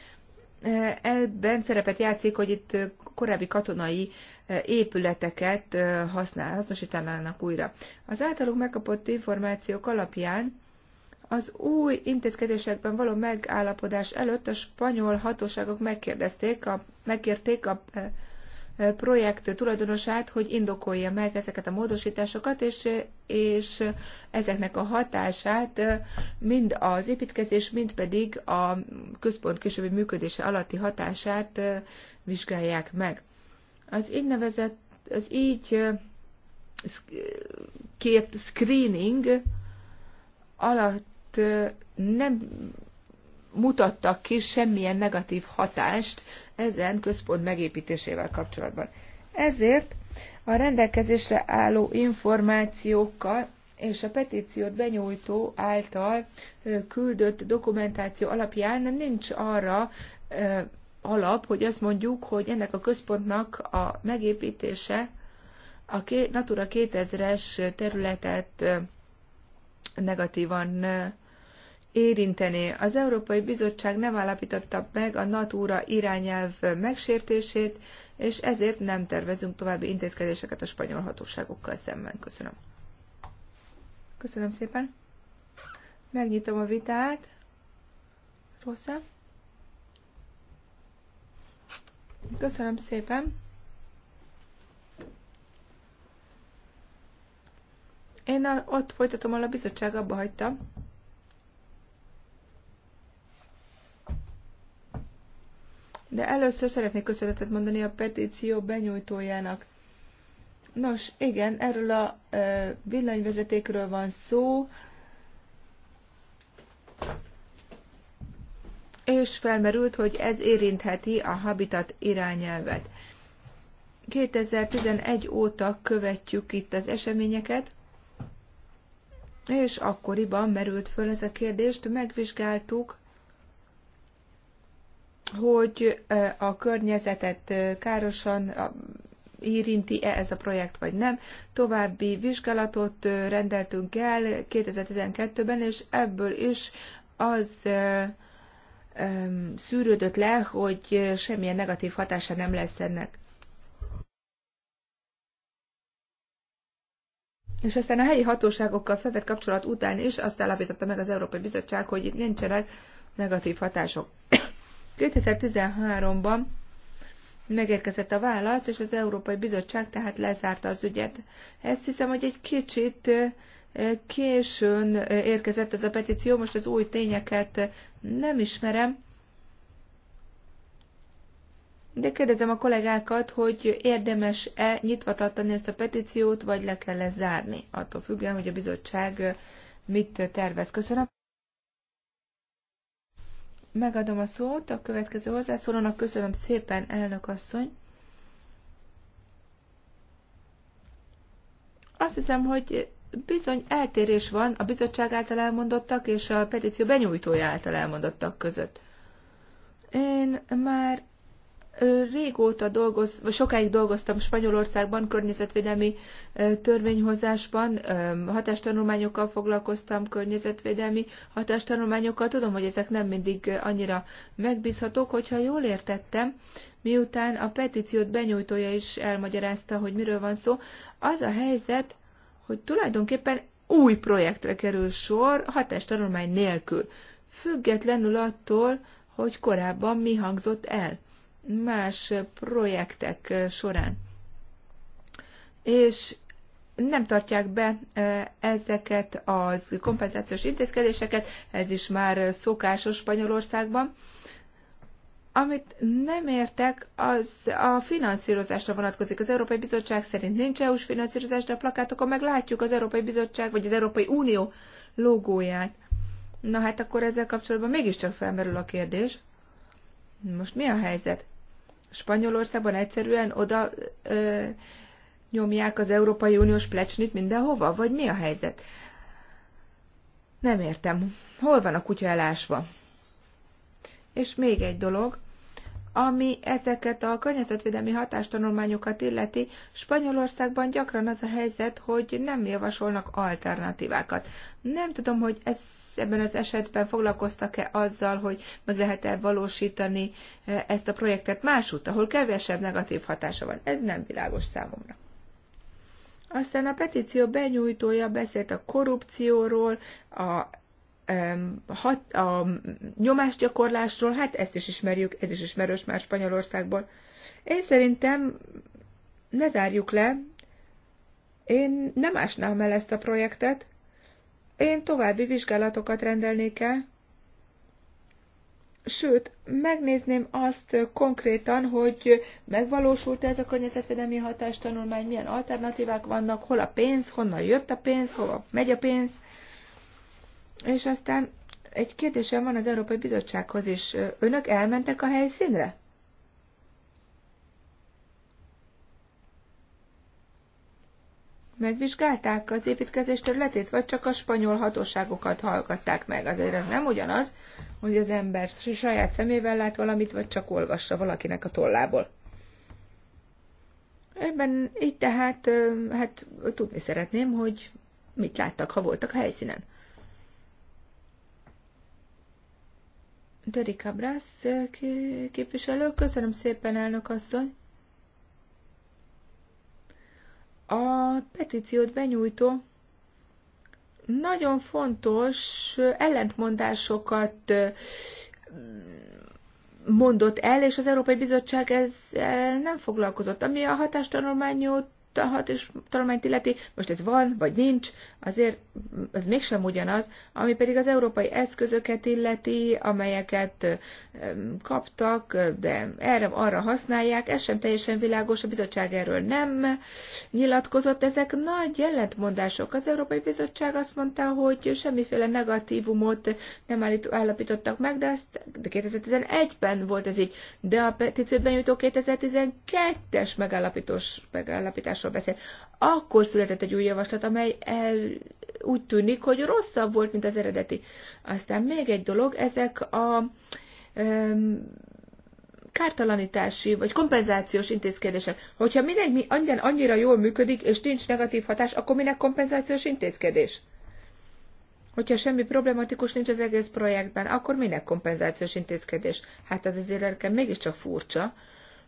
Ebben szerepet játszik, hogy itt korábbi katonai épületeket használ, hasznosítanának újra. Az általuk megkapott információk alapján az új intézkedésekben való megállapodás előtt a spanyol hatóságok megkérdezték a, megkérték a projekt tulajdonosát, hogy indokolja meg ezeket a módosításokat, és, és ezeknek a hatását mind az építkezés, mind pedig a központ későbbi működése alatti hatását vizsgálják meg. Az így nevezett, az így két screening alatt nem mutattak ki semmilyen negatív hatást ezen központ megépítésével kapcsolatban. Ezért a rendelkezésre álló információkkal és a petíciót benyújtó által küldött dokumentáció alapján nincs arra alap, hogy azt mondjuk, hogy ennek a központnak a megépítése a Natura 2000-es területet negatívan érinteni. Az Európai Bizottság nem állapította meg a Natura irányelv megsértését, és ezért nem tervezünk további intézkedéseket a spanyol hatóságokkal szemben. Köszönöm. Köszönöm szépen. Megnyitom a vitát. Rosszabb. Köszönöm szépen. Én ott folytatom, ahol a bizottság abba hagyta. De először szeretnék köszönetet mondani a petíció benyújtójának. Nos, igen, erről a villanyvezetékről van szó, is felmerült, hogy ez érintheti a habitat irányelvet. 2011 óta követjük itt az eseményeket, és akkoriban merült föl ez a kérdést, megvizsgáltuk, hogy a környezetet károsan érinti-e ez a projekt, vagy nem. További vizsgálatot rendeltünk el 2012-ben, és ebből is az szűrődött le, hogy semmilyen negatív hatása nem lesz ennek. És aztán a helyi hatóságokkal felvett kapcsolat után is azt állapította meg az Európai Bizottság, hogy itt nincsenek negatív hatások. 2013-ban megérkezett a válasz, és az Európai Bizottság tehát lezárta az ügyet. Ezt hiszem, hogy egy kicsit Későn érkezett ez a petíció, most az új tényeket nem ismerem, de kérdezem a kollégákat, hogy érdemes-e nyitva tartani ezt a petíciót, vagy le kell -e zárni, attól függően, hogy a bizottság mit tervez. Köszönöm. Megadom a szót a következő hozzászólónak. Köszönöm szépen, elnök asszony. Azt hiszem, hogy bizony eltérés van a bizottság által elmondottak és a petíció benyújtója által elmondottak között. Én már régóta dolgoz, vagy sokáig dolgoztam Spanyolországban, környezetvédelmi törvényhozásban, hatástanulmányokkal foglalkoztam, környezetvédelmi hatástanulmányokkal. Tudom, hogy ezek nem mindig annyira megbízhatók, hogyha jól értettem, miután a petíciót benyújtója is elmagyarázta, hogy miről van szó, az a helyzet, hogy tulajdonképpen új projektre kerül sor hatástanulmány nélkül, függetlenül attól, hogy korábban mi hangzott el más projektek eh, során. És nem tartják be eh, ezeket az kompenzációs intézkedéseket, ez is már eh, szokásos Spanyolországban, amit nem értek, az a finanszírozásra vonatkozik. Az Európai Bizottság szerint nincs EU-s finanszírozás, de a plakátokon meg látjuk az Európai Bizottság vagy az Európai Unió logóját. Na hát akkor ezzel kapcsolatban mégiscsak felmerül a kérdés. Most mi a helyzet? Spanyolországban egyszerűen oda ö, nyomják az Európai Uniós plecsnit mindenhova? Vagy mi a helyzet? Nem értem. Hol van a kutya elásva? És még egy dolog. Ami ezeket a környezetvédelmi hatástanulmányokat illeti, Spanyolországban gyakran az a helyzet, hogy nem javasolnak alternatívákat. Nem tudom, hogy ez ebben az esetben foglalkoztak-e azzal, hogy meg lehet-e valósítani eh, ezt a projektet másút, ahol kevesebb negatív hatása van. Ez nem világos számomra. Aztán a petíció benyújtója beszélt a korrupcióról, a hat, a nyomásgyakorlásról, hát ezt is ismerjük, ez is ismerős már Spanyolországból. Én szerintem ne zárjuk le, én nem ásnám el ezt a projektet, én további vizsgálatokat rendelnék el, sőt, megnézném azt konkrétan, hogy megvalósult -e ez a környezetvédelmi hatástanulmány, milyen alternatívák vannak, hol a pénz, honnan jött a pénz, hova megy a pénz, és aztán egy kérdésem van az Európai Bizottsághoz is. Önök elmentek a helyszínre? Megvizsgálták az építkezés területét, vagy csak a spanyol hatóságokat hallgatták meg? Azért ez nem ugyanaz, hogy az ember saját szemével lát valamit, vagy csak olvassa valakinek a tollából. Ebben így tehát, hát tudni szeretném, hogy mit láttak, ha voltak a helyszínen. Dori Cabrász képviselő, köszönöm szépen, elnök asszony. A petíciót benyújtó nagyon fontos ellentmondásokat mondott el, és az Európai Bizottság ezzel nem foglalkozott. Ami a hatástanulmányot hatástanulmányt illeti, most ez van, vagy nincs, azért ez mégsem ugyanaz, ami pedig az európai eszközöket illeti, amelyeket kaptak, de erre, arra használják, ez sem teljesen világos, a bizottság erről nem nyilatkozott, ezek nagy jelentmondások. Az Európai Bizottság azt mondta, hogy semmiféle negatívumot nem állapítottak meg, de, azt, de 2011-ben volt ez így, de a petíciót benyújtó 2012-es megállapítás javaslatról beszél. Akkor született egy új javaslat, amely el, úgy tűnik, hogy rosszabb volt, mint az eredeti. Aztán még egy dolog, ezek a um, kártalanítási vagy kompenzációs intézkedések. Hogyha mindegy mi annyira jól működik, és nincs negatív hatás, akkor minek kompenzációs intézkedés? Hogyha semmi problematikus nincs az egész projektben, akkor minek kompenzációs intézkedés? Hát az azért mégis mégiscsak furcsa. Uh,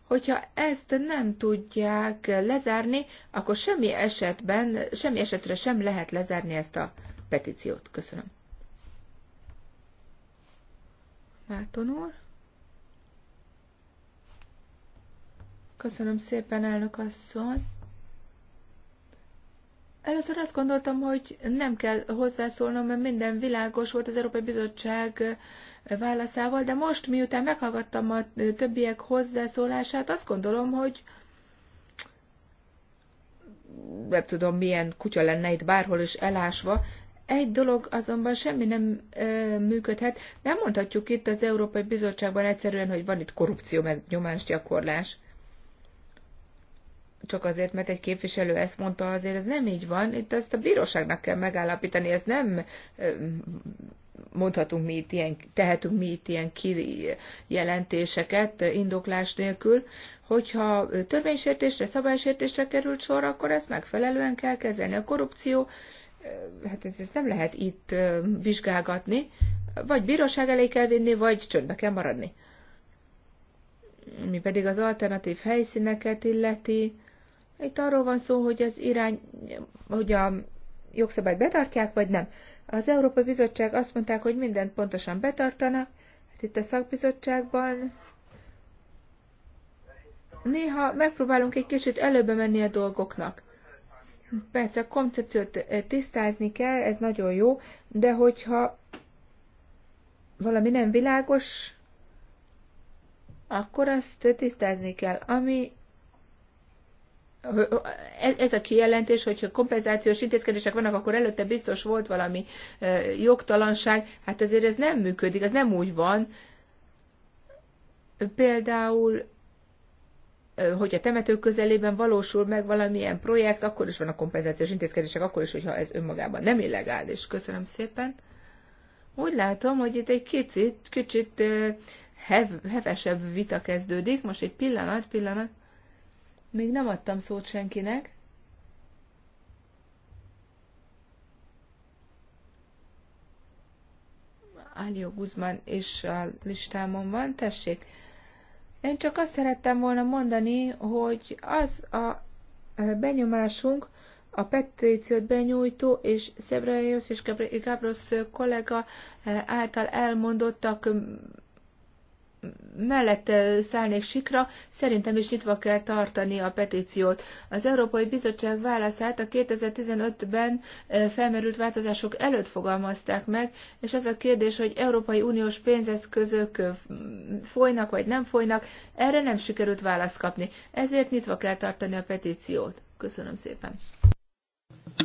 hogyha ezt nem tudják lezárni, akkor semmi esetben, semmi esetre sem lehet lezárni ezt a petíciót. Köszönöm. Márton úr? Köszönöm szépen, elnök asszony. Először azt gondoltam, hogy nem kell hozzászólnom, mert minden világos volt, az Európai Bizottság válaszával, de most, miután meghallgattam a többiek hozzászólását, azt gondolom, hogy nem tudom, milyen kutya lenne itt bárhol is elásva, egy dolog azonban semmi nem e, működhet. Nem mondhatjuk itt az Európai Bizottságban egyszerűen, hogy van itt korrupció, meg nyomásgyakorlás. Csak azért, mert egy képviselő ezt mondta, azért ez nem így van. Itt ezt a bíróságnak kell megállapítani. Ez nem e, mondhatunk mi itt ilyen, tehetünk mi itt ilyen jelentéseket indoklás nélkül, hogyha törvénysértésre, szabálysértésre került sor, akkor ezt megfelelően kell kezelni. A korrupció, hát ezt nem lehet itt vizsgálgatni, vagy bíróság elé kell vinni, vagy csöndbe kell maradni. Mi pedig az alternatív helyszíneket illeti, itt arról van szó, hogy az irány, hogy a jogszabályt betartják, vagy nem. Az Európai Bizottság azt mondták, hogy mindent pontosan betartanak, hát itt a szakbizottságban néha megpróbálunk egy kicsit előbe menni a dolgoknak. Persze a koncepciót eh, tisztázni kell, ez nagyon jó, de hogyha valami nem világos, akkor azt tisztázni kell. Ami ez a kijelentés, hogyha kompenzációs intézkedések vannak, akkor előtte biztos volt valami jogtalanság, hát azért ez nem működik, ez nem úgy van. Például hogy a temető közelében valósul meg valamilyen projekt, akkor is vannak kompenzációs intézkedések, akkor is, hogyha ez önmagában nem illegális. Köszönöm szépen. Úgy látom, hogy itt egy kicsit, kicsit hev, hevesebb vita kezdődik. Most egy pillanat, pillanat. Még nem adtam szót senkinek. Álió Guzman is a listámon van, tessék. Én csak azt szerettem volna mondani, hogy az a e, benyomásunk, a petíciót benyújtó és Szebrajos és Gábrosz kollega e, által elmondottak mellett szállnék sikra, szerintem is nyitva kell tartani a petíciót. Az Európai Bizottság válaszát a 2015-ben felmerült változások előtt fogalmazták meg, és az a kérdés, hogy Európai Uniós pénzeszközök folynak vagy nem folynak, erre nem sikerült választ kapni. Ezért nyitva kell tartani a petíciót. Köszönöm szépen.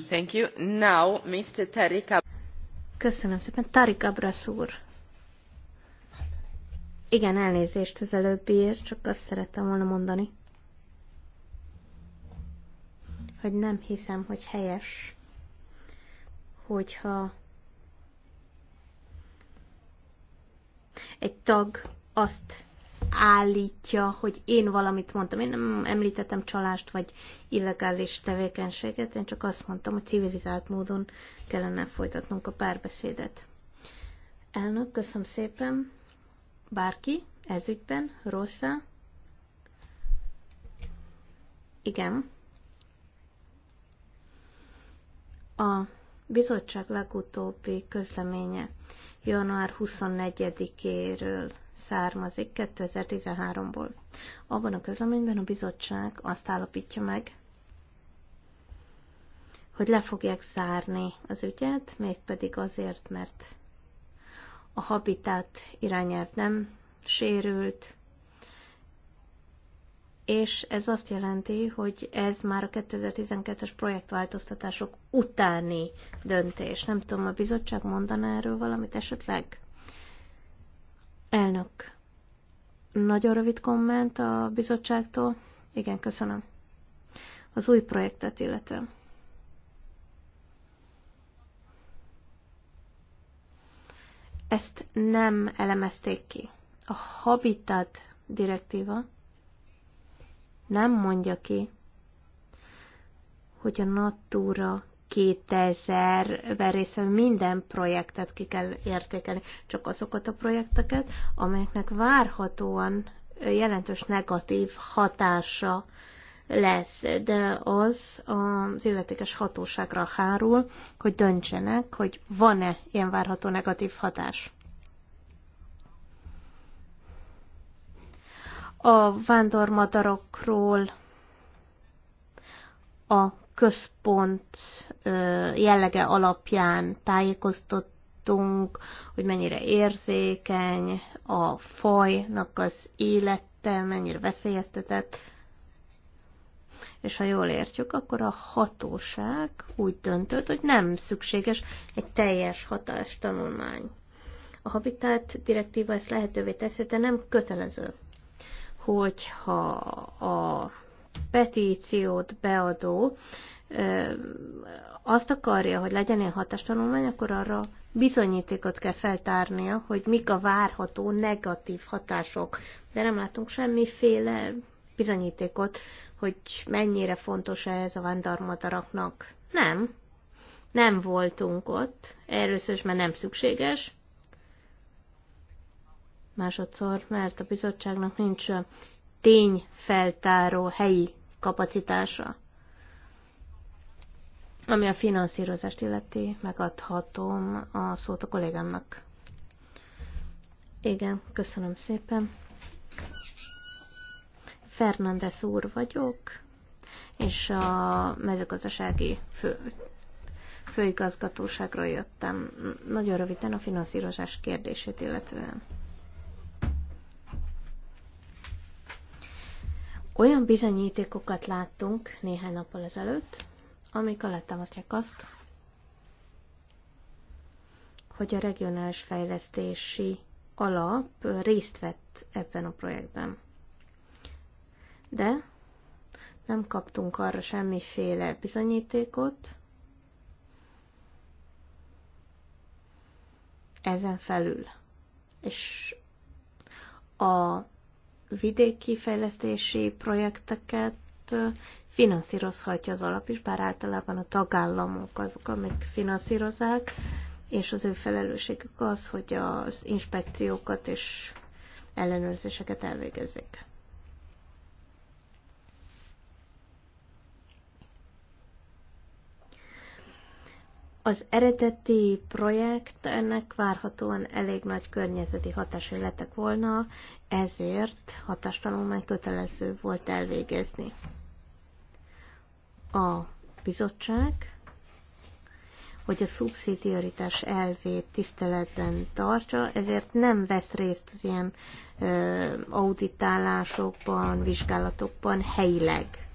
Thank you. Now,
Mr. Tarika. Köszönöm szépen. Tarik Abrasz igen, elnézést az előbbiért, csak azt szerettem volna mondani, hogy nem hiszem, hogy helyes, hogyha egy tag azt állítja, hogy én valamit mondtam. Én nem említettem csalást vagy illegális tevékenységet, én csak azt mondtam, hogy civilizált módon kellene folytatnunk a párbeszédet. Elnök, köszönöm szépen. Bárki ezügyben? Rosa, Igen. A bizottság legutóbbi közleménye január 24-éről származik 2013-ból. Abban a közleményben a bizottság azt állapítja meg, hogy le fogják zárni az ügyet, mégpedig azért, mert a habitát irányát nem sérült, és ez azt jelenti, hogy ez már a 2012-es projektváltoztatások utáni döntés. Nem tudom, a bizottság mondaná erről valamit esetleg? Elnök, nagyon rövid komment a bizottságtól. Igen, köszönöm. Az új projektet illetően. ezt nem elemezték ki. A Habitat direktíva nem mondja ki, hogy a Natura 2000 verésze minden projektet ki kell értékelni, csak azokat a projekteket, amelyeknek várhatóan jelentős negatív hatása lesz, de az az illetékes hatóságra hárul, hogy döntsenek, hogy van-e ilyen várható negatív hatás. A vándormadarokról a központ jellege alapján tájékoztattunk, hogy mennyire érzékeny a fajnak az élete, mennyire veszélyeztetett, és ha jól értjük, akkor a hatóság úgy döntött, hogy nem szükséges egy teljes hatástanulmány. A Habitat direktíva ezt lehetővé teszi, de nem kötelező, hogyha a petíciót beadó azt akarja, hogy legyen ilyen hatástanulmány, akkor arra bizonyítékot kell feltárnia, hogy mik a várható negatív hatások. De nem látunk semmiféle bizonyítékot, hogy mennyire fontos ez a vándormadaraknak. Nem. Nem voltunk ott. Először is, mert nem szükséges. Másodszor, mert a bizottságnak nincs tényfeltáró helyi kapacitása. Ami a finanszírozást illeti, megadhatom a szót a kollégámnak. Igen, köszönöm szépen. Fernandez úr vagyok, és a mezőgazdasági fő, főigazgatóságról jöttem. Nagyon röviden a finanszírozás kérdését illetően. Olyan bizonyítékokat láttunk néhány nappal ezelőtt, amik alátámasztják azt, hogy a regionális fejlesztési alap részt vett ebben a projektben de nem kaptunk arra semmiféle bizonyítékot. Ezen felül. És a vidéki fejlesztési projekteket finanszírozhatja az alap is, bár általában a tagállamok azok, amik finanszírozzák, és az ő felelősségük az, hogy az inspekciókat és ellenőrzéseket elvégezzék. Az eredeti projekt ennek várhatóan elég nagy környezeti hatásai lettek volna, ezért hatástanulmány kötelező volt elvégezni. A bizottság, hogy a szubszidiaritás elvét tiszteletben tartsa, ezért nem vesz részt az ilyen ö, auditálásokban, vizsgálatokban helyileg.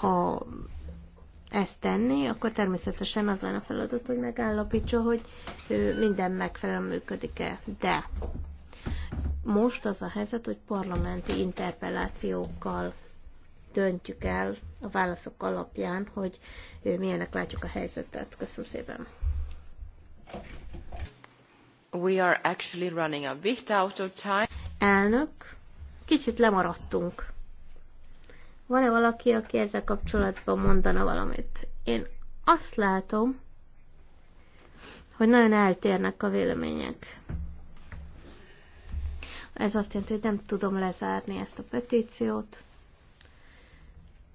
Ha ezt tenni, akkor természetesen az lenne a feladat, hogy megállapítsa, hogy minden megfelelően működik-e. De most az a helyzet, hogy parlamenti interpellációkkal döntjük el a válaszok alapján, hogy milyenek látjuk a helyzetet. Köszönöm szépen. We
are actually running a bit out of time.
Elnök, kicsit lemaradtunk. Van-e valaki, aki ezzel kapcsolatban mondana valamit? Én azt látom, hogy nagyon eltérnek a vélemények. Ez azt jelenti, hogy nem tudom lezárni ezt a petíciót,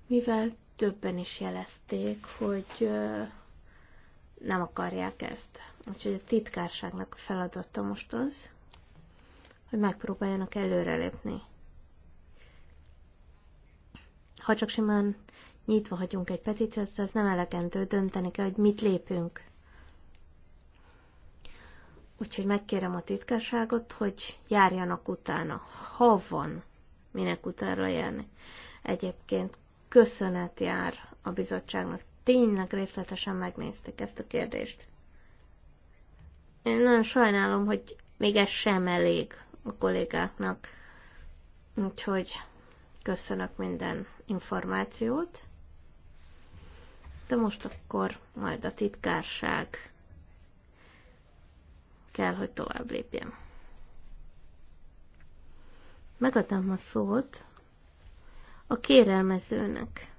mivel többen is jelezték, hogy nem akarják ezt. Úgyhogy a titkárságnak a feladata most az, hogy megpróbáljanak előrelépni. Ha csak simán nyitva hagyunk egy petíciót, ez nem elegendő, dönteni kell, hogy mit lépünk. Úgyhogy megkérem a titkárságot, hogy járjanak utána, ha van minek utána járni. Egyébként köszönet jár a bizottságnak, tényleg részletesen megnézték ezt a kérdést. Én nagyon sajnálom, hogy még ez sem elég a kollégáknak. Úgyhogy Köszönök minden információt. De most akkor majd a titkárság kell, hogy tovább lépjem. Megadom a szót a kérelmezőnek.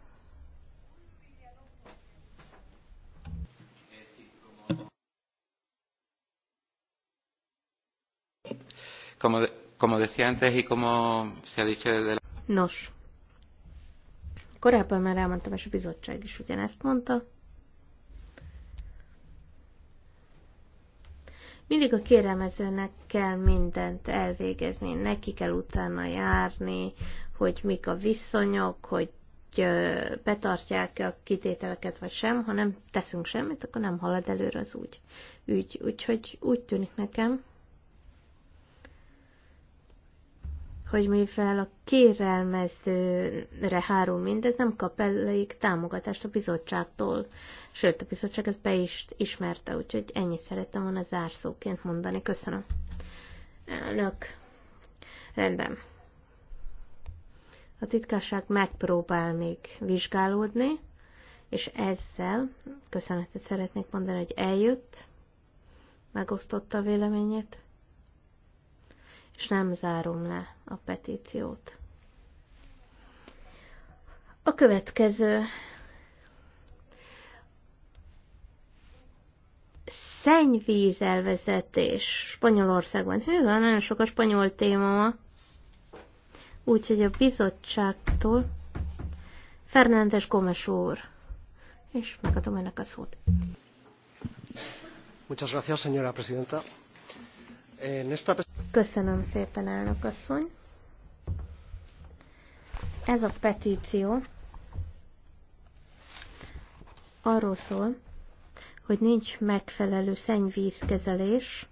Como, como decía antes y como se ha dicho desde Nos, korábban már elmondtam, és a bizottság is ugyanezt mondta. Mindig a kérelmezőnek kell mindent elvégezni, neki kell utána járni, hogy mik a viszonyok, hogy betartják -e a kitételeket, vagy sem. Ha nem teszünk semmit, akkor nem halad előre az úgy. ügy. Úgyhogy úgy tűnik nekem, hogy mivel a kérelmezőre hárul mindez, nem kap elég támogatást a bizottságtól. Sőt, a bizottság ezt be is ismerte, úgyhogy ennyi szerettem volna zárszóként mondani. Köszönöm. Elnök. Rendben. A titkárság megpróbál még vizsgálódni, és ezzel köszönetet szeretnék mondani, hogy eljött, megosztotta a véleményét és nem zárom le a petíciót. A következő szennyvízelvezetés Spanyolországban. Hű, nagyon sok a spanyol téma ma. Úgyhogy a bizottságtól Fernández Gómez úr. És megadom ennek a szót.
Muchas gracias, señora presidenta.
Köszönöm szépen, elnök asszony. Ez a petíció arról szól, hogy nincs megfelelő szennyvízkezelés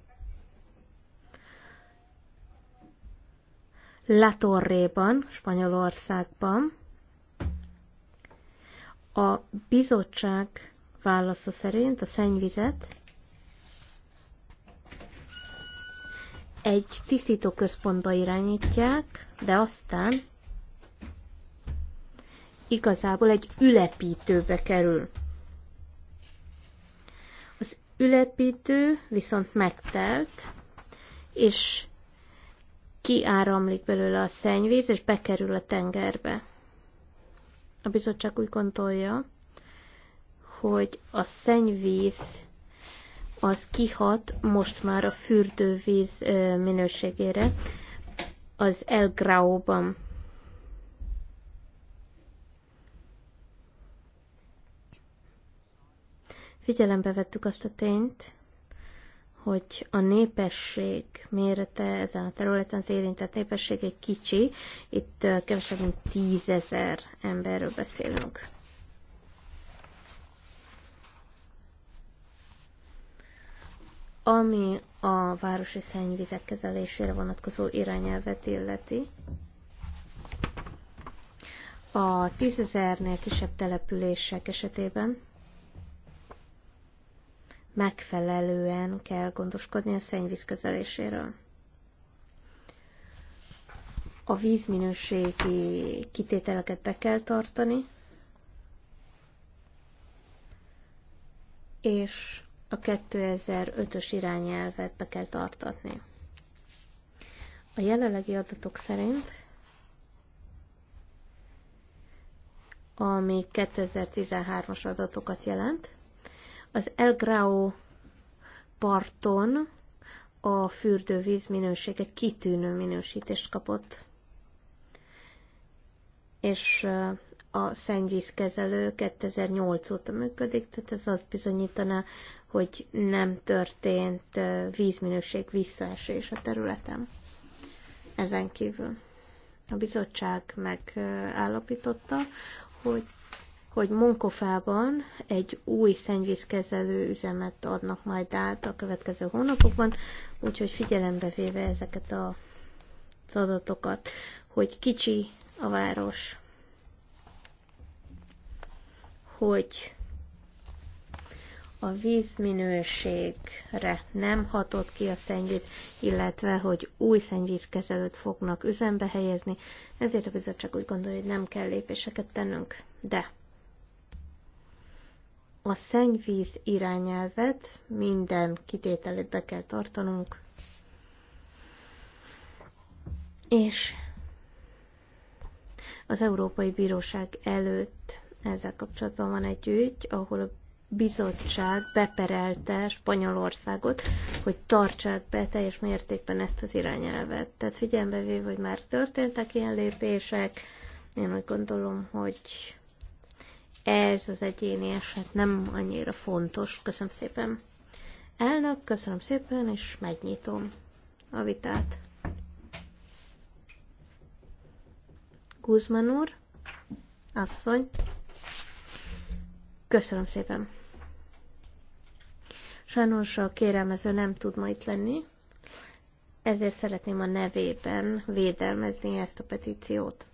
Latorréban, Spanyolországban. A bizottság válasza szerint a szennyvizet egy tisztító központba irányítják, de aztán igazából egy ülepítőbe kerül. Az ülepítő viszont megtelt, és kiáramlik belőle a szennyvíz, és bekerül a tengerbe. A bizottság úgy gondolja, hogy a szennyvíz az kihat most már a fürdővíz minőségére az El Grau-ban. Figyelembe vettük azt a tényt, hogy a népesség mérete ezen a területen, az érintett népesség egy kicsi, itt kevesebb mint tízezer emberről beszélünk. Ami a városi szennyvizek kezelésére vonatkozó irányelvet illeti, a tízezernél kisebb települések esetében megfelelően kell gondoskodni a szennyvíz kezeléséről. A vízminőségi kitételeket be kell tartani, és a 2005-ös irányelvet be kell tartatni. A jelenlegi adatok szerint, ami 2013-as adatokat jelent, az El Grau parton a fürdővíz minősége kitűnő minősítést kapott. És a szennyvízkezelő 2008 óta működik, tehát ez azt bizonyítaná, hogy nem történt vízminőség visszaesés a területen. Ezen kívül a bizottság megállapította, hogy, hogy Monkofában egy új szennyvízkezelő üzemet adnak majd át a következő hónapokban, úgyhogy figyelembe véve ezeket a, az adatokat, hogy kicsi a város, hogy a vízminőségre nem hatott ki a szennyvíz, illetve hogy új szennyvízkezelőt fognak üzembe helyezni, ezért a bizottság úgy gondolja, hogy nem kell lépéseket tennünk. De a szennyvíz irányelvet minden kitételét be kell tartanunk, és az Európai Bíróság előtt ezzel kapcsolatban van egy ügy, ahol a bizottság beperelte Spanyolországot, hogy tartsák be teljes mértékben ezt az irányelvet. Tehát figyelembe véve, hogy már történtek ilyen lépések, én úgy gondolom, hogy ez az egyéni eset nem annyira fontos. Köszönöm szépen. Elnök, köszönöm szépen, és megnyitom a vitát. Guzman úr, asszony. Köszönöm szépen. Sajnos a kérelmező nem tud ma itt lenni, ezért szeretném a nevében védelmezni ezt a petíciót.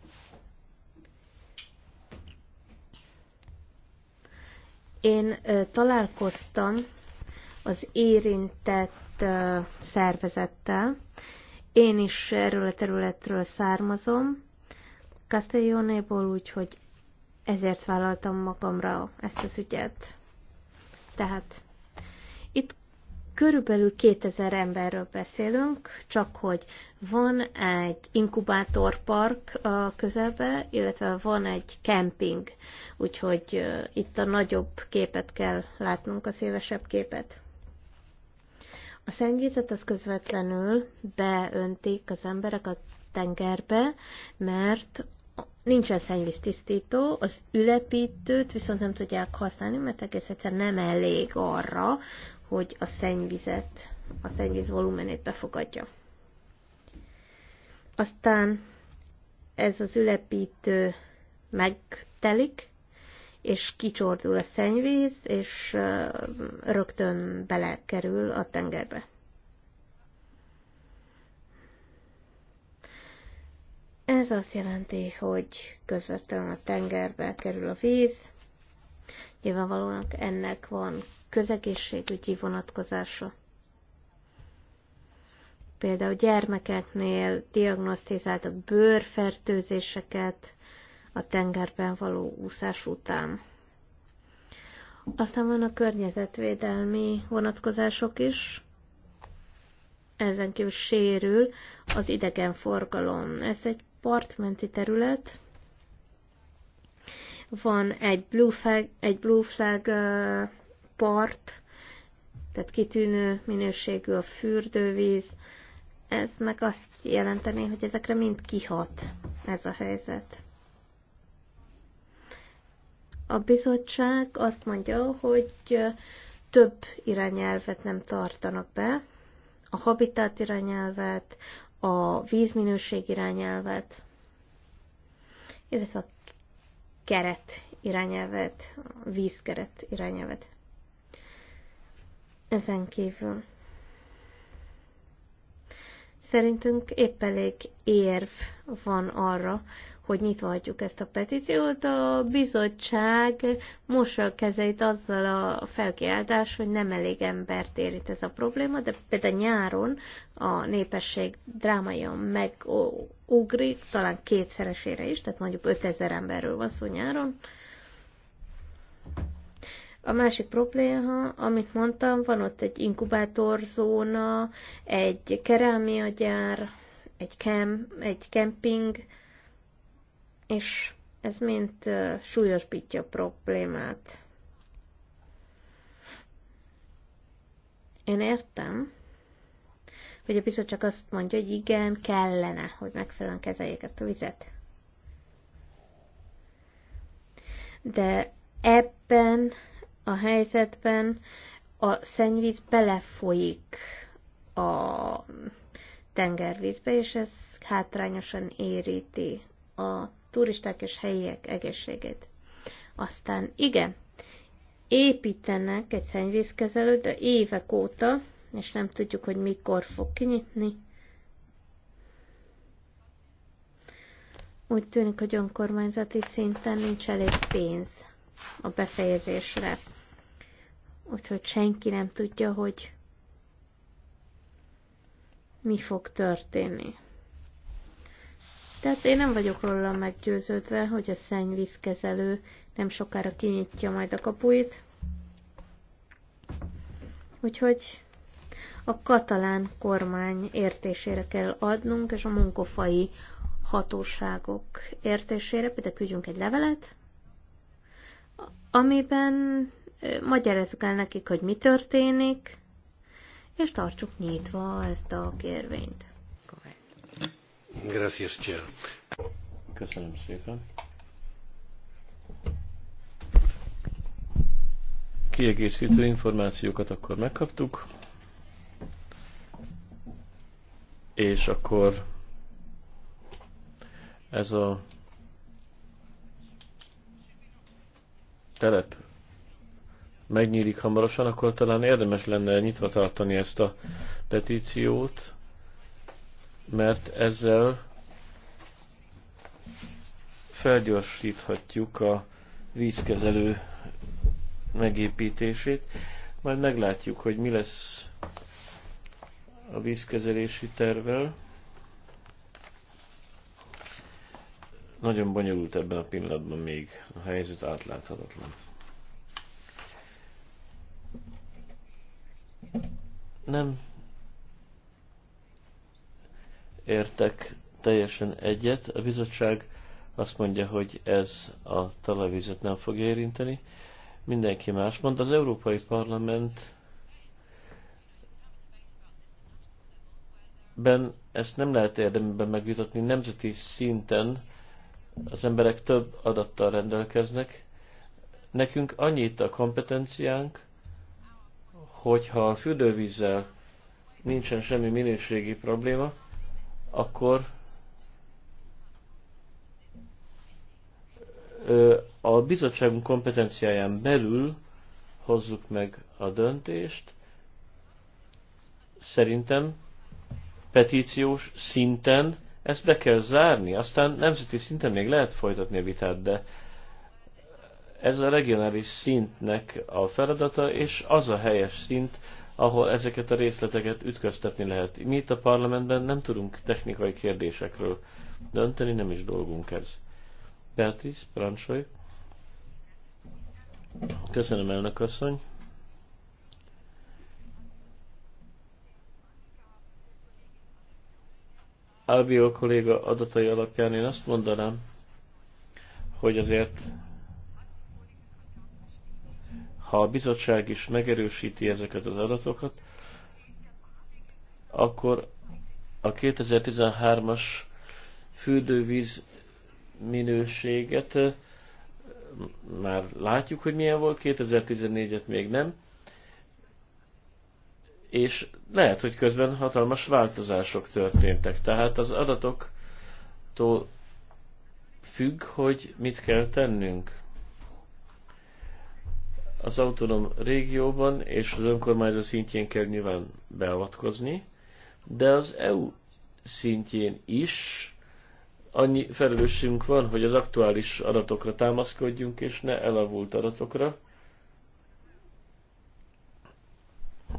Én találkoztam az érintett szervezettel. Én is erről a területről származom, Castellonéból, úgyhogy ezért vállaltam magamra ezt az ügyet. Tehát itt körülbelül 2000 emberről beszélünk, csak hogy van egy inkubátorpark a közelbe, illetve van egy kemping, úgyhogy itt a nagyobb képet kell látnunk, a szélesebb képet. A szengészet az közvetlenül beöntik az emberek a tengerbe, mert nincsen tisztító, az ülepítőt viszont nem tudják használni, mert egész egyszerűen nem elég arra, hogy a szennyvizet, a szennyvíz volumenét befogadja. Aztán ez az ülepítő megtelik, és kicsordul a szennyvíz, és rögtön belekerül a tengerbe. Ez azt jelenti, hogy közvetlenül a tengerbe kerül a víz. Nyilvánvalóan ennek van közegészségügyi vonatkozása. Például gyermekeknél diagnosztizáltak bőrfertőzéseket a tengerben való úszás után. Aztán van a környezetvédelmi vonatkozások is. Ezen kívül sérül az idegenforgalom. Ez egy partmenti terület, van egy blue flag, egy blue flag part, tehát kitűnő minőségű a fürdővíz. Ez meg azt jelenteni, hogy ezekre mind kihat ez a helyzet. A bizottság azt mondja, hogy több irányelvet nem tartanak be, a habitat irányelvet, a vízminőség irányelvet, illetve a keret irányelvet, a vízkeret irányelvet. Ezen kívül szerintünk épp elég érv van arra, hogy nyitva hagyjuk ezt a petíciót, a bizottság mossa a kezeit azzal a felkiáltás, hogy nem elég embert érít ez a probléma, de például nyáron a népesség drámaian megugrik, talán kétszeresére is, tehát mondjuk 5000 emberről van szó nyáron. A másik probléma, amit mondtam, van ott egy inkubátorzóna, egy kerámiagyár, egy, kem, egy kemping, és ez mint uh, súlyosbítja a problémát. Én értem, hogy a bizottság azt mondja, hogy igen, kellene, hogy megfelelően kezeljék ezt a vizet. De ebben a helyzetben a szennyvíz belefolyik a tengervízbe, és ez hátrányosan éríti a turisták és helyiek egészségét. Aztán igen, építenek egy szennyvízkezelőt, de évek óta, és nem tudjuk, hogy mikor fog kinyitni. Úgy tűnik, hogy önkormányzati szinten nincs elég pénz a befejezésre. Úgyhogy senki nem tudja, hogy mi fog történni. Tehát én nem vagyok róla meggyőződve, hogy a szennyvízkezelő nem sokára kinyitja majd a kapuit. Úgyhogy a katalán kormány értésére kell adnunk, és a munkofai hatóságok értésére, például küldjünk egy levelet, amiben magyarázzuk el nekik, hogy mi történik, és tartsuk nyitva ezt a kérvényt.
Gracias, Chair. Köszönöm szépen. Kiegészítő információkat akkor megkaptuk, és akkor ez a telep megnyílik hamarosan, akkor talán érdemes lenne nyitva tartani ezt a petíciót, mert ezzel felgyorsíthatjuk a vízkezelő megépítését. Majd meglátjuk, hogy mi lesz a vízkezelési tervvel. Nagyon bonyolult ebben a pillanatban még. A helyzet átláthatatlan. Nem értek teljesen egyet. A bizottság azt mondja, hogy ez a televíziót nem fog érinteni. Mindenki más mond. Az Európai Parlament ben ezt nem lehet érdemben megvitatni. Nemzeti szinten az emberek több adattal rendelkeznek. Nekünk annyit a kompetenciánk, hogyha a fürdővízzel nincsen semmi minőségi probléma, akkor a bizottságunk kompetenciáján belül hozzuk meg a döntést. Szerintem petíciós szinten ezt be kell zárni, aztán nemzeti szinten még lehet folytatni a vitát, de ez a regionális szintnek a feladata, és az a helyes szint, ahol ezeket a részleteket ütköztetni lehet. Mi itt a parlamentben nem tudunk technikai kérdésekről dönteni, nem is dolgunk ez. Beatrice, parancsolj. Köszönöm, elnök asszony. Albió kolléga adatai alapján én azt mondanám, hogy azért ha a bizottság is megerősíti ezeket az adatokat, akkor a 2013-as fürdővíz minőséget már látjuk, hogy milyen volt, 2014-et még nem, és lehet, hogy közben hatalmas változások történtek. Tehát az adatoktól függ, hogy mit kell tennünk az autonóm régióban és az önkormányzat szintjén kell nyilván beavatkozni, de az EU szintjén is annyi felelősségünk van, hogy az aktuális adatokra támaszkodjunk, és ne elavult adatokra,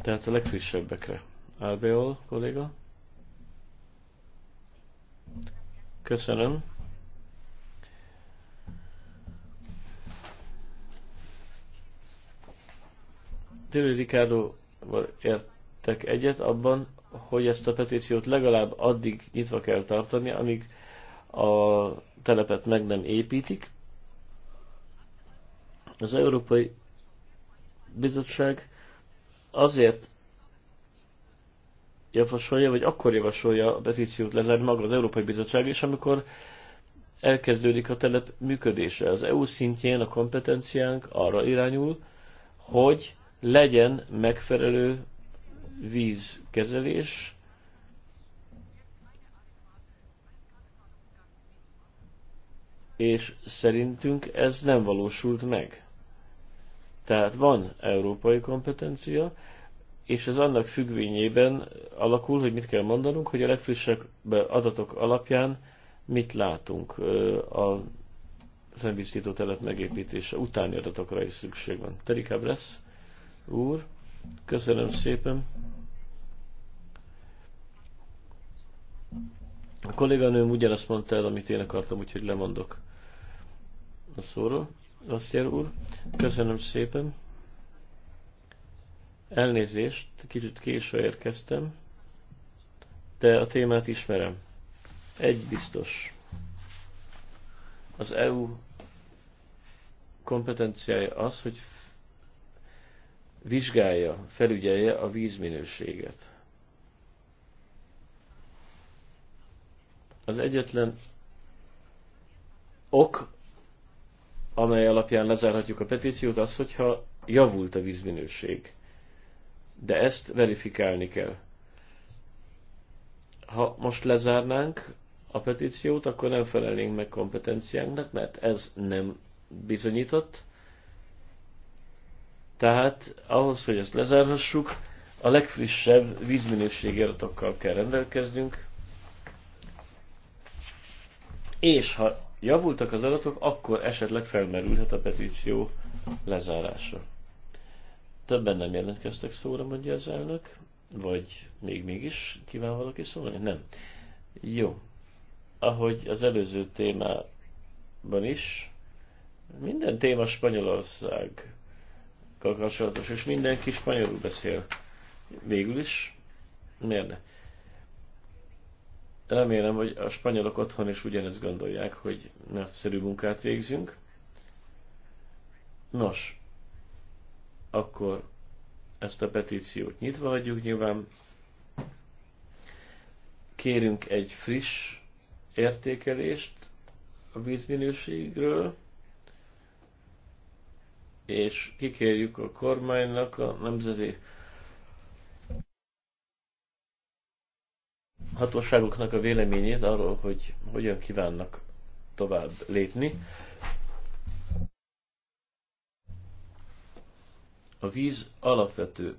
tehát a legfrissebbekre. Álbeol, kolléga. Köszönöm. Téli Ricardo értek egyet abban, hogy ezt a petíciót legalább addig nyitva kell tartani, amíg a telepet meg nem építik. Az Európai Bizottság azért javasolja, vagy akkor javasolja a petíciót lezárni maga az Európai Bizottság is, amikor elkezdődik a telep működése. Az EU szintjén a kompetenciánk arra irányul, hogy legyen megfelelő vízkezelés, és szerintünk ez nem valósult meg. Tehát van európai kompetencia, és ez annak függvényében alakul, hogy mit kell mondanunk, hogy a legfrissebb adatok alapján mit látunk a fennvisztító telep megépítése utáni adatokra is szükség van. Terika Bresz? úr. Köszönöm szépen. A kolléganőm ugyanazt mondta el, amit én akartam, úgyhogy lemondok a szóról. jel, úr, köszönöm szépen. Elnézést, kicsit késő érkeztem, de a témát ismerem. Egy biztos. Az EU kompetenciája az, hogy vizsgálja, felügyelje a vízminőséget. Az egyetlen ok, amely alapján lezárhatjuk a petíciót, az, hogyha javult a vízminőség. De ezt verifikálni kell. Ha most lezárnánk a petíciót, akkor nem felelnénk meg kompetenciánknak, mert ez nem bizonyított, tehát ahhoz, hogy ezt lezárhassuk, a legfrissebb vízminőségi adatokkal kell rendelkeznünk, és ha javultak az adatok, akkor esetleg felmerülhet a petíció lezárása. Többen nem jelentkeztek szóra, mondja az elnök, vagy még mégis kíván valaki szólni? Nem. Jó. Ahogy az előző témában is, minden téma Spanyolország kapcsolatos, és mindenki spanyolul beszél. Végül is, miért ne? Remélem, hogy a spanyolok otthon is ugyanezt gondolják, hogy nagyszerű munkát végzünk. Nos, akkor ezt a petíciót nyitva hagyjuk nyilván. Kérünk egy friss értékelést a vízminőségről, és kikérjük a kormánynak a nemzeti hatóságoknak a véleményét arról, hogy hogyan kívánnak tovább lépni. A víz alapvető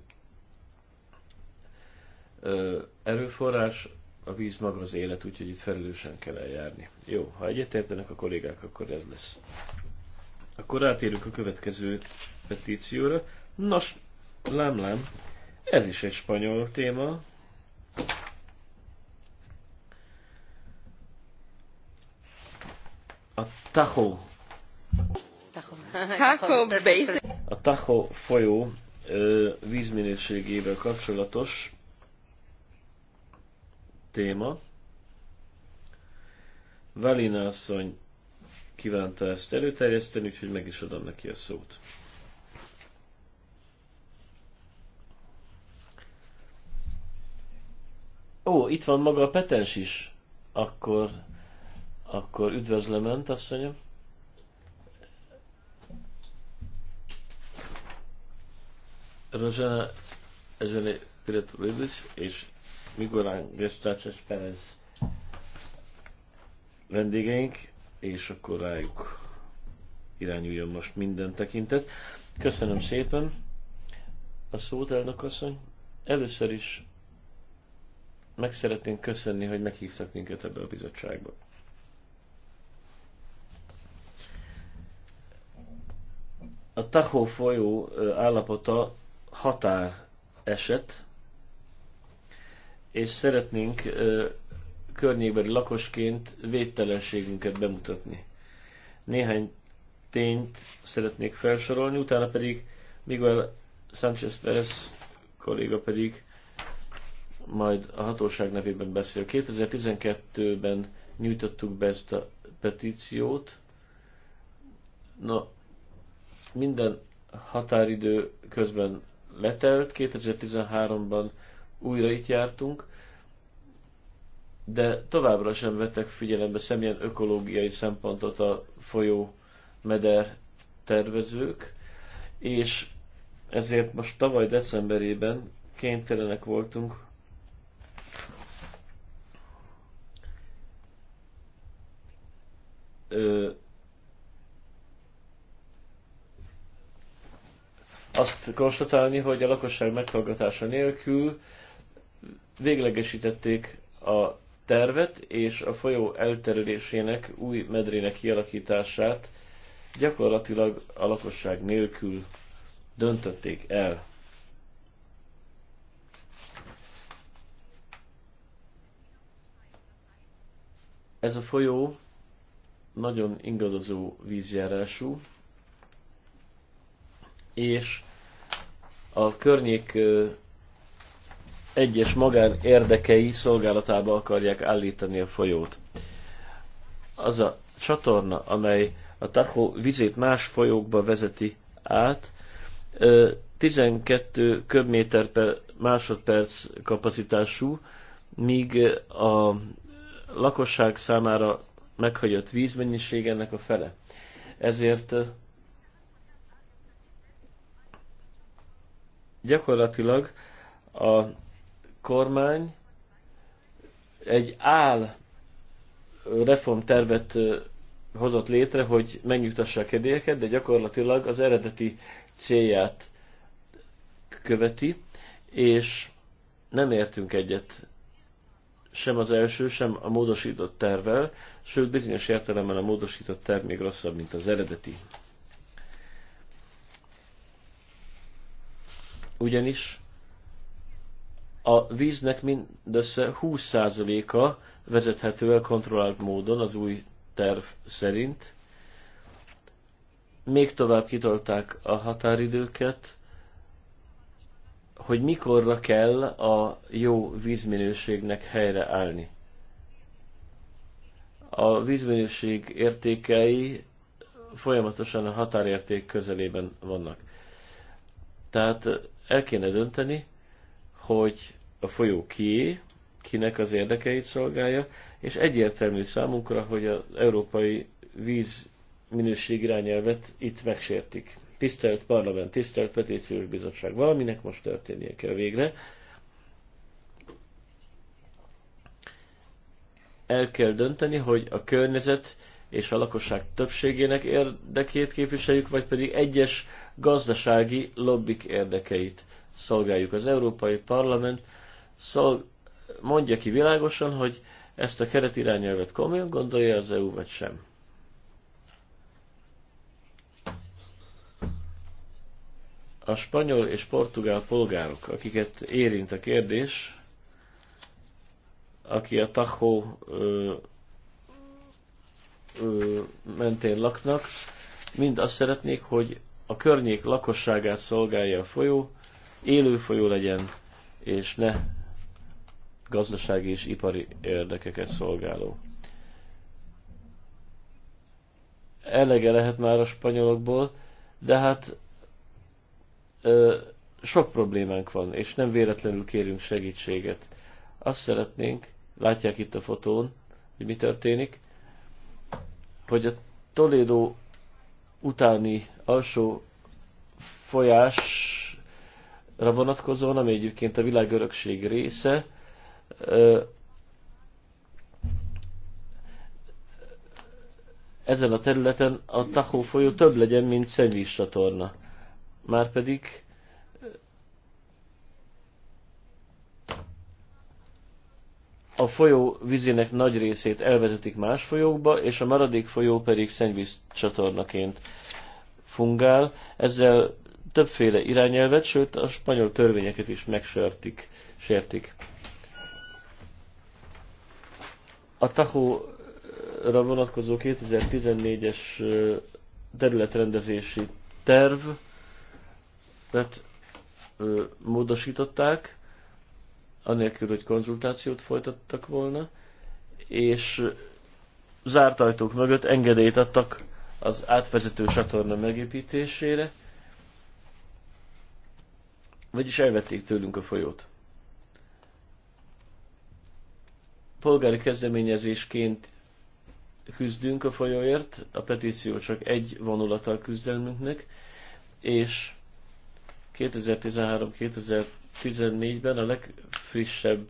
erőforrás, a víz maga az élet, úgyhogy itt felelősen kell eljárni. Jó, ha egyetértenek a kollégák, akkor ez lesz. Akkor rátérünk a következő petícióra. Nos, lám, lám, ez is egy spanyol téma. A Tahoe. A Tahoe folyó vízminőségével kapcsolatos téma. Valina asszony kívánta ezt előterjeszteni, úgyhogy meg is adom neki a szót. Ó, itt van maga a petens is. Akkor, akkor üdvözlöm Önt, asszonyom. Rozsana Ezsene Piretulidis és Migorán Gestácses Perez vendégeink és akkor rájuk irányuljon most minden tekintet. Köszönöm szépen a szót, elnök asszony. Először is meg szeretnénk köszönni, hogy meghívtak minket ebbe a bizottságba. A Tahó folyó állapota határ eset, és szeretnénk környékbeli lakosként védtelenségünket bemutatni. Néhány tényt szeretnék felsorolni, utána pedig Miguel Sánchez Perez kolléga pedig majd a hatóság nevében beszél. 2012-ben nyújtottuk be ezt a petíciót. Na, minden határidő közben letelt, 2013-ban újra itt jártunk, de továbbra sem vettek figyelembe semmilyen ökológiai szempontot a folyó meder tervezők, és ezért most tavaly decemberében kénytelenek voltunk ö, azt konstatálni, hogy a lakosság meghallgatása nélkül véglegesítették a tervet és a folyó elterülésének új medrének kialakítását gyakorlatilag a lakosság nélkül döntötték el. Ez a folyó nagyon ingadozó vízjárású, és a környék egyes magán érdekei szolgálatába akarják állítani a folyót. Az a csatorna, amely a Tahó vizét más folyókba vezeti át, 12 köbméter per másodperc kapacitású, míg a lakosság számára meghagyott vízmennyiség ennek a fele. Ezért gyakorlatilag a kormány egy áll reformtervet hozott létre, hogy megnyugtassa a kedélyeket, de gyakorlatilag az eredeti célját követi, és nem értünk egyet sem az első, sem a módosított tervvel, sőt bizonyos értelemben a módosított terv még rosszabb, mint az eredeti. Ugyanis a víznek mindössze 20%-a vezethető el kontrollált módon az új terv szerint. Még tovább kitolták a határidőket, hogy mikorra kell a jó vízminőségnek helyreállni. A vízminőség értékei folyamatosan a határérték közelében vannak. Tehát el kéne dönteni, hogy a folyó kié, kinek az érdekeit szolgálja, és egyértelmű számunkra, hogy az európai víz minőség irányelvet itt megsértik. Tisztelt Parlament, tisztelt Petíciós Bizottság, valaminek most történnie kell végre. El kell dönteni, hogy a környezet és a lakosság többségének érdekét képviseljük, vagy pedig egyes gazdasági lobbik érdekeit szolgáljuk. Az Európai Parlament szóval mondja ki világosan, hogy ezt a keretirányelvet komolyan gondolja az EU, vagy sem. A spanyol és portugál polgárok, akiket érint a kérdés, aki a Tahó mentén laknak, mind azt szeretnék, hogy a környék lakosságát szolgálja a folyó, élő folyó legyen, és ne gazdasági és ipari érdekeket szolgáló. Elege lehet már a spanyolokból, de hát ö, sok problémánk van, és nem véletlenül kérünk segítséget. Azt szeretnénk, látják itt a fotón, hogy mi történik, hogy a Toledo utáni alsó folyásra vonatkozóan, ami egyébként a világörökség része, ezen a területen a Tahó folyó több legyen, mint Szennyvíz csatorna. Márpedig a folyó vízének nagy részét elvezetik más folyókba, és a maradék folyó pedig szennyvíz csatornaként fungál. Ezzel többféle irányelvet, sőt a spanyol törvényeket is megsértik. Sértik. A Tahoe-ra vonatkozó 2014-es területrendezési tervet hát, módosították, anélkül, hogy konzultációt folytattak volna, és zárt ajtók mögött engedélyt adtak az átvezető csatorna megépítésére, vagyis elvették tőlünk a folyót. polgári kezdeményezésként küzdünk a folyóért, a petíció csak egy vonulata a küzdelmünknek, és 2013-2014-ben a legfrissebb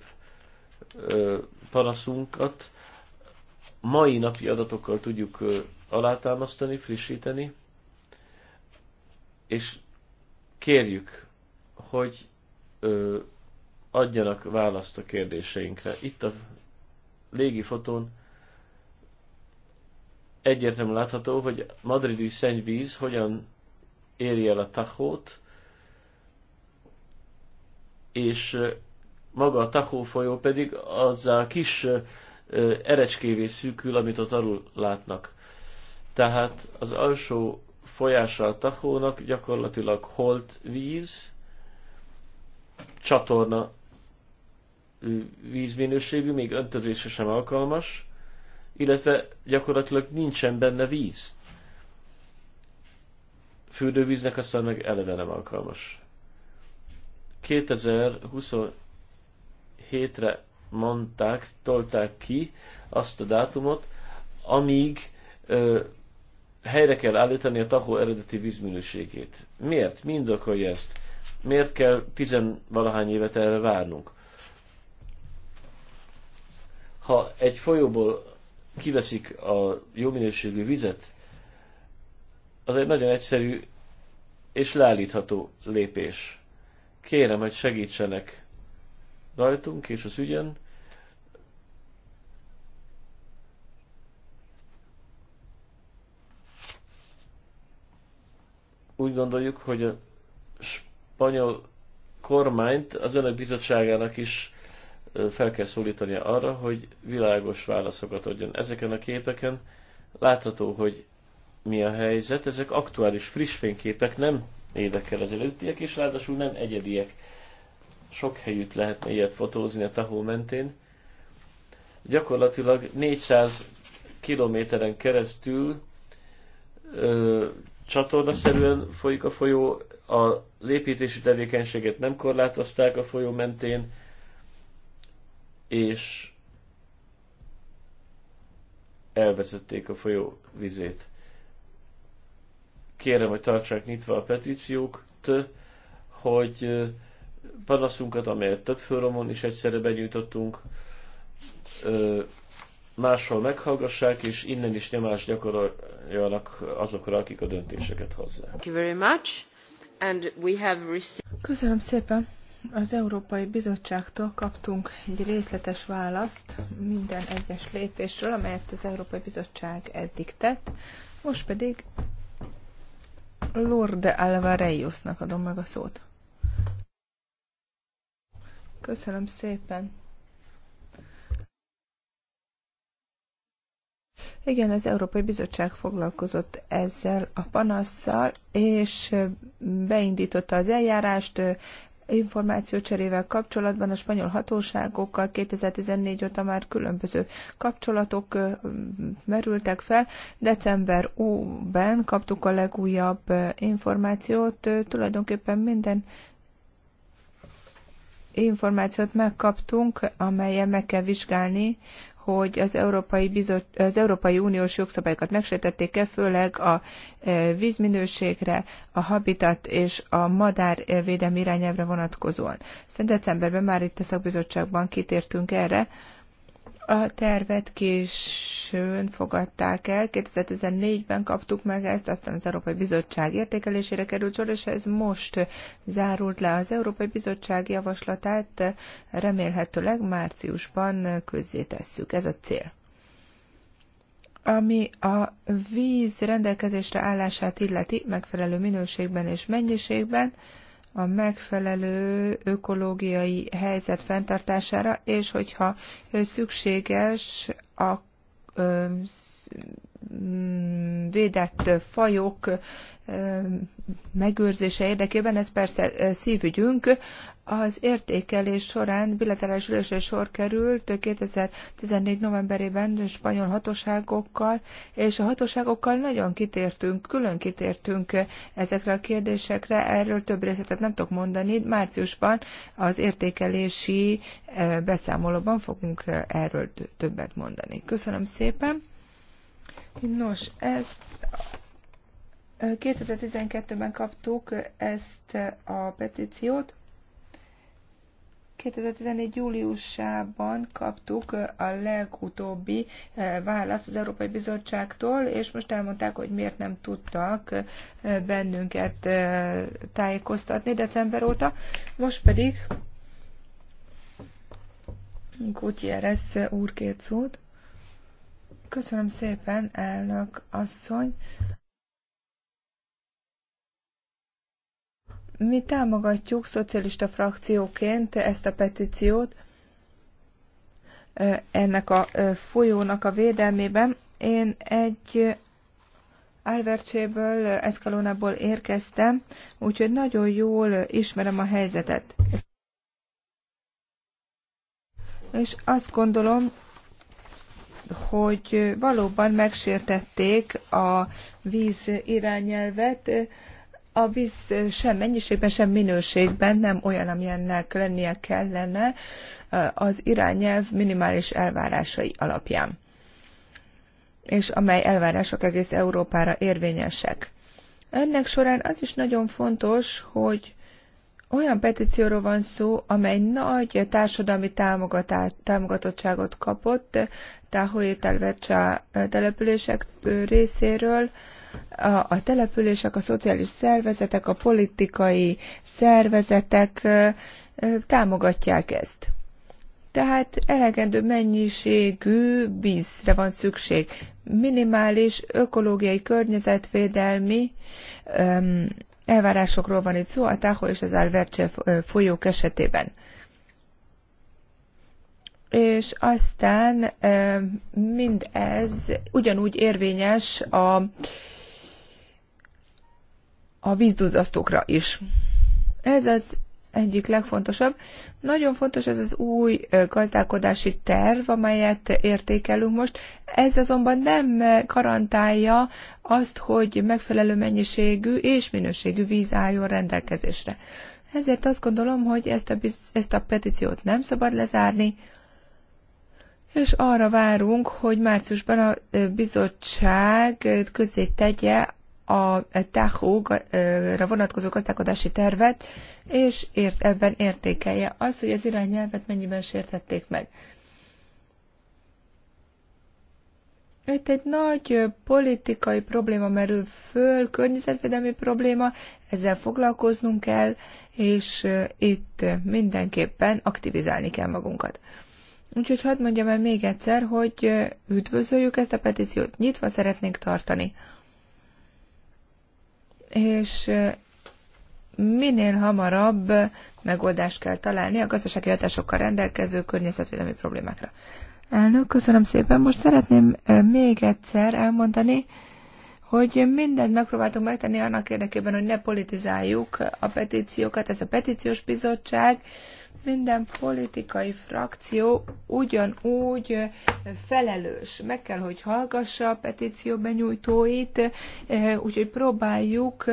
ö, panaszunkat mai napi adatokkal tudjuk ö, alátámasztani, frissíteni, és kérjük, hogy ö, adjanak választ a kérdéseinkre. Itt a fotón egyértelműen látható, hogy madridi szennyvíz hogyan éri el a Tahót, és maga a Tahó folyó pedig az a kis erecskévé szűkül, amit ott alul látnak. Tehát az alsó folyása a Tahónak gyakorlatilag holt víz, csatorna vízminőségű, még öntözése sem alkalmas, illetve gyakorlatilag nincsen benne víz. Fürdővíznek aztán meg eleve nem alkalmas. 2027-re mondták, tolták ki azt a dátumot, amíg ö, helyre kell állítani a tahó eredeti vízminőségét. Miért? Mi indokolja ezt? Miért kell tizenvalahány évet erre várnunk? ha egy folyóból kiveszik a jó minőségű vizet, az egy nagyon egyszerű és leállítható lépés. Kérem, hogy segítsenek rajtunk és az ügyen. Úgy gondoljuk, hogy a spanyol kormányt az önök bizottságának is fel kell szólítania arra, hogy világos válaszokat adjon. Ezeken a képeken látható, hogy mi a helyzet. Ezek aktuális, friss fényképek, nem érdekel az előttiek, és ráadásul nem egyediek. Sok helyütt lehetne ilyet fotózni a tahó mentén. Gyakorlatilag 400 kilométeren keresztül ö, csatornaszerűen folyik a folyó, a építési tevékenységet nem korlátozták a folyó mentén, és elvezették a folyó vizét. Kérem, hogy tartsák nyitva a petíciókt, hogy panaszunkat, amelyet több fórumon is egyszerre benyújtottunk, máshol meghallgassák, és innen is nyomást gyakoroljanak azokra, akik a döntéseket hozzák.
Köszönöm szépen!
Az Európai Bizottságtól kaptunk egy részletes választ minden egyes lépésről, amelyet az Európai Bizottság eddig tett. Most pedig Lorde Alvarejusnak adom meg a szót. Köszönöm szépen. Igen, az Európai Bizottság foglalkozott ezzel a panasszal, és beindította az eljárást, információcserével kapcsolatban a spanyol hatóságokkal 2014 óta már különböző kapcsolatok merültek fel. December óben kaptuk a legújabb információt, tulajdonképpen minden információt megkaptunk, amelyen meg kell vizsgálni, hogy az Európai, Bizot, az Európai Uniós jogszabályokat megsértették-e, főleg a e, vízminőségre, a habitat és a madár e, védelmi irányelvre vonatkozóan. Szerintem decemberben már itt a szakbizottságban kitértünk erre, a tervet későn fogadták el, 2014-ben kaptuk meg ezt, aztán az Európai Bizottság értékelésére került sor, és ez most zárult le az Európai Bizottság javaslatát, remélhetőleg márciusban közzétesszük. Ez a cél. Ami a víz rendelkezésre állását illeti, megfelelő minőségben és mennyiségben, a megfelelő ökológiai helyzet fenntartására, és hogyha szükséges, a Mm, védett fajok megőrzése érdekében, ez persze szívügyünk. Az értékelés során bilaterális ülésre sor került 2014. novemberében spanyol hatóságokkal, és a hatóságokkal nagyon kitértünk, külön kitértünk ezekre a kérdésekre, erről több részletet nem tudok mondani. Márciusban az értékelési beszámolóban fogunk erről többet mondani. Köszönöm szépen! Nos, ezt 2012-ben kaptuk ezt a petíciót. 2014. júliusában kaptuk a legutóbbi választ az Európai Bizottságtól, és most elmondták, hogy miért nem tudtak bennünket tájékoztatni december óta. Most pedig Gutierrez úr két szót. Köszönöm szépen, elnök asszony. Mi támogatjuk szocialista frakcióként ezt a petíciót eh, ennek a eh, folyónak a védelmében. Én egy Alvercséből, Eszkalónából érkeztem, úgyhogy nagyon jól ismerem a helyzetet. És azt gondolom, hogy valóban megsértették a víz irányelvet, a víz sem mennyiségben, sem minőségben nem olyan, amilyennek lennie kellene az irányelv minimális elvárásai alapján, és amely elvárások egész Európára érvényesek. Ennek során az is nagyon fontos, hogy olyan petícióról van szó, amely nagy társadalmi támogatottságot kapott Tahoe Telvecsa települések részéről. A települések, a szociális szervezetek, a politikai szervezetek támogatják ezt. Tehát elegendő mennyiségű vízre van szükség. Minimális ökológiai környezetvédelmi öm, elvárásokról van itt szó a Tahoe és az Alverce folyók esetében. És aztán mindez ugyanúgy érvényes a, a vízduzasztókra is. Ez az egyik legfontosabb. Nagyon fontos ez az új gazdálkodási terv, amelyet értékelünk most. Ez azonban nem garantálja azt, hogy megfelelő mennyiségű és minőségű víz álljon rendelkezésre. Ezért azt gondolom, hogy ezt a, ezt a petíciót nem szabad lezárni, és arra várunk, hogy márciusban a bizottság közé tegye a TAHU-ra vonatkozó gazdálkodási tervet, és ért, ebben értékelje az, hogy az irányelvet mennyiben sértették meg. Itt egy nagy politikai probléma merül föl, környezetvédelmi probléma, ezzel foglalkoznunk kell, és itt mindenképpen aktivizálni kell magunkat. Úgyhogy hadd mondjam el még egyszer, hogy üdvözöljük ezt a petíciót, nyitva szeretnénk tartani és minél hamarabb megoldást kell találni a gazdasági hatásokkal rendelkező környezetvédelmi problémákra. Elnök, köszönöm szépen. Most szeretném még egyszer elmondani, hogy mindent megpróbáltunk megtenni annak érdekében, hogy ne politizáljuk a petíciókat. Ez a petíciós bizottság, minden politikai frakció ugyanúgy felelős. Meg kell, hogy hallgassa a petíció benyújtóit, úgyhogy próbáljuk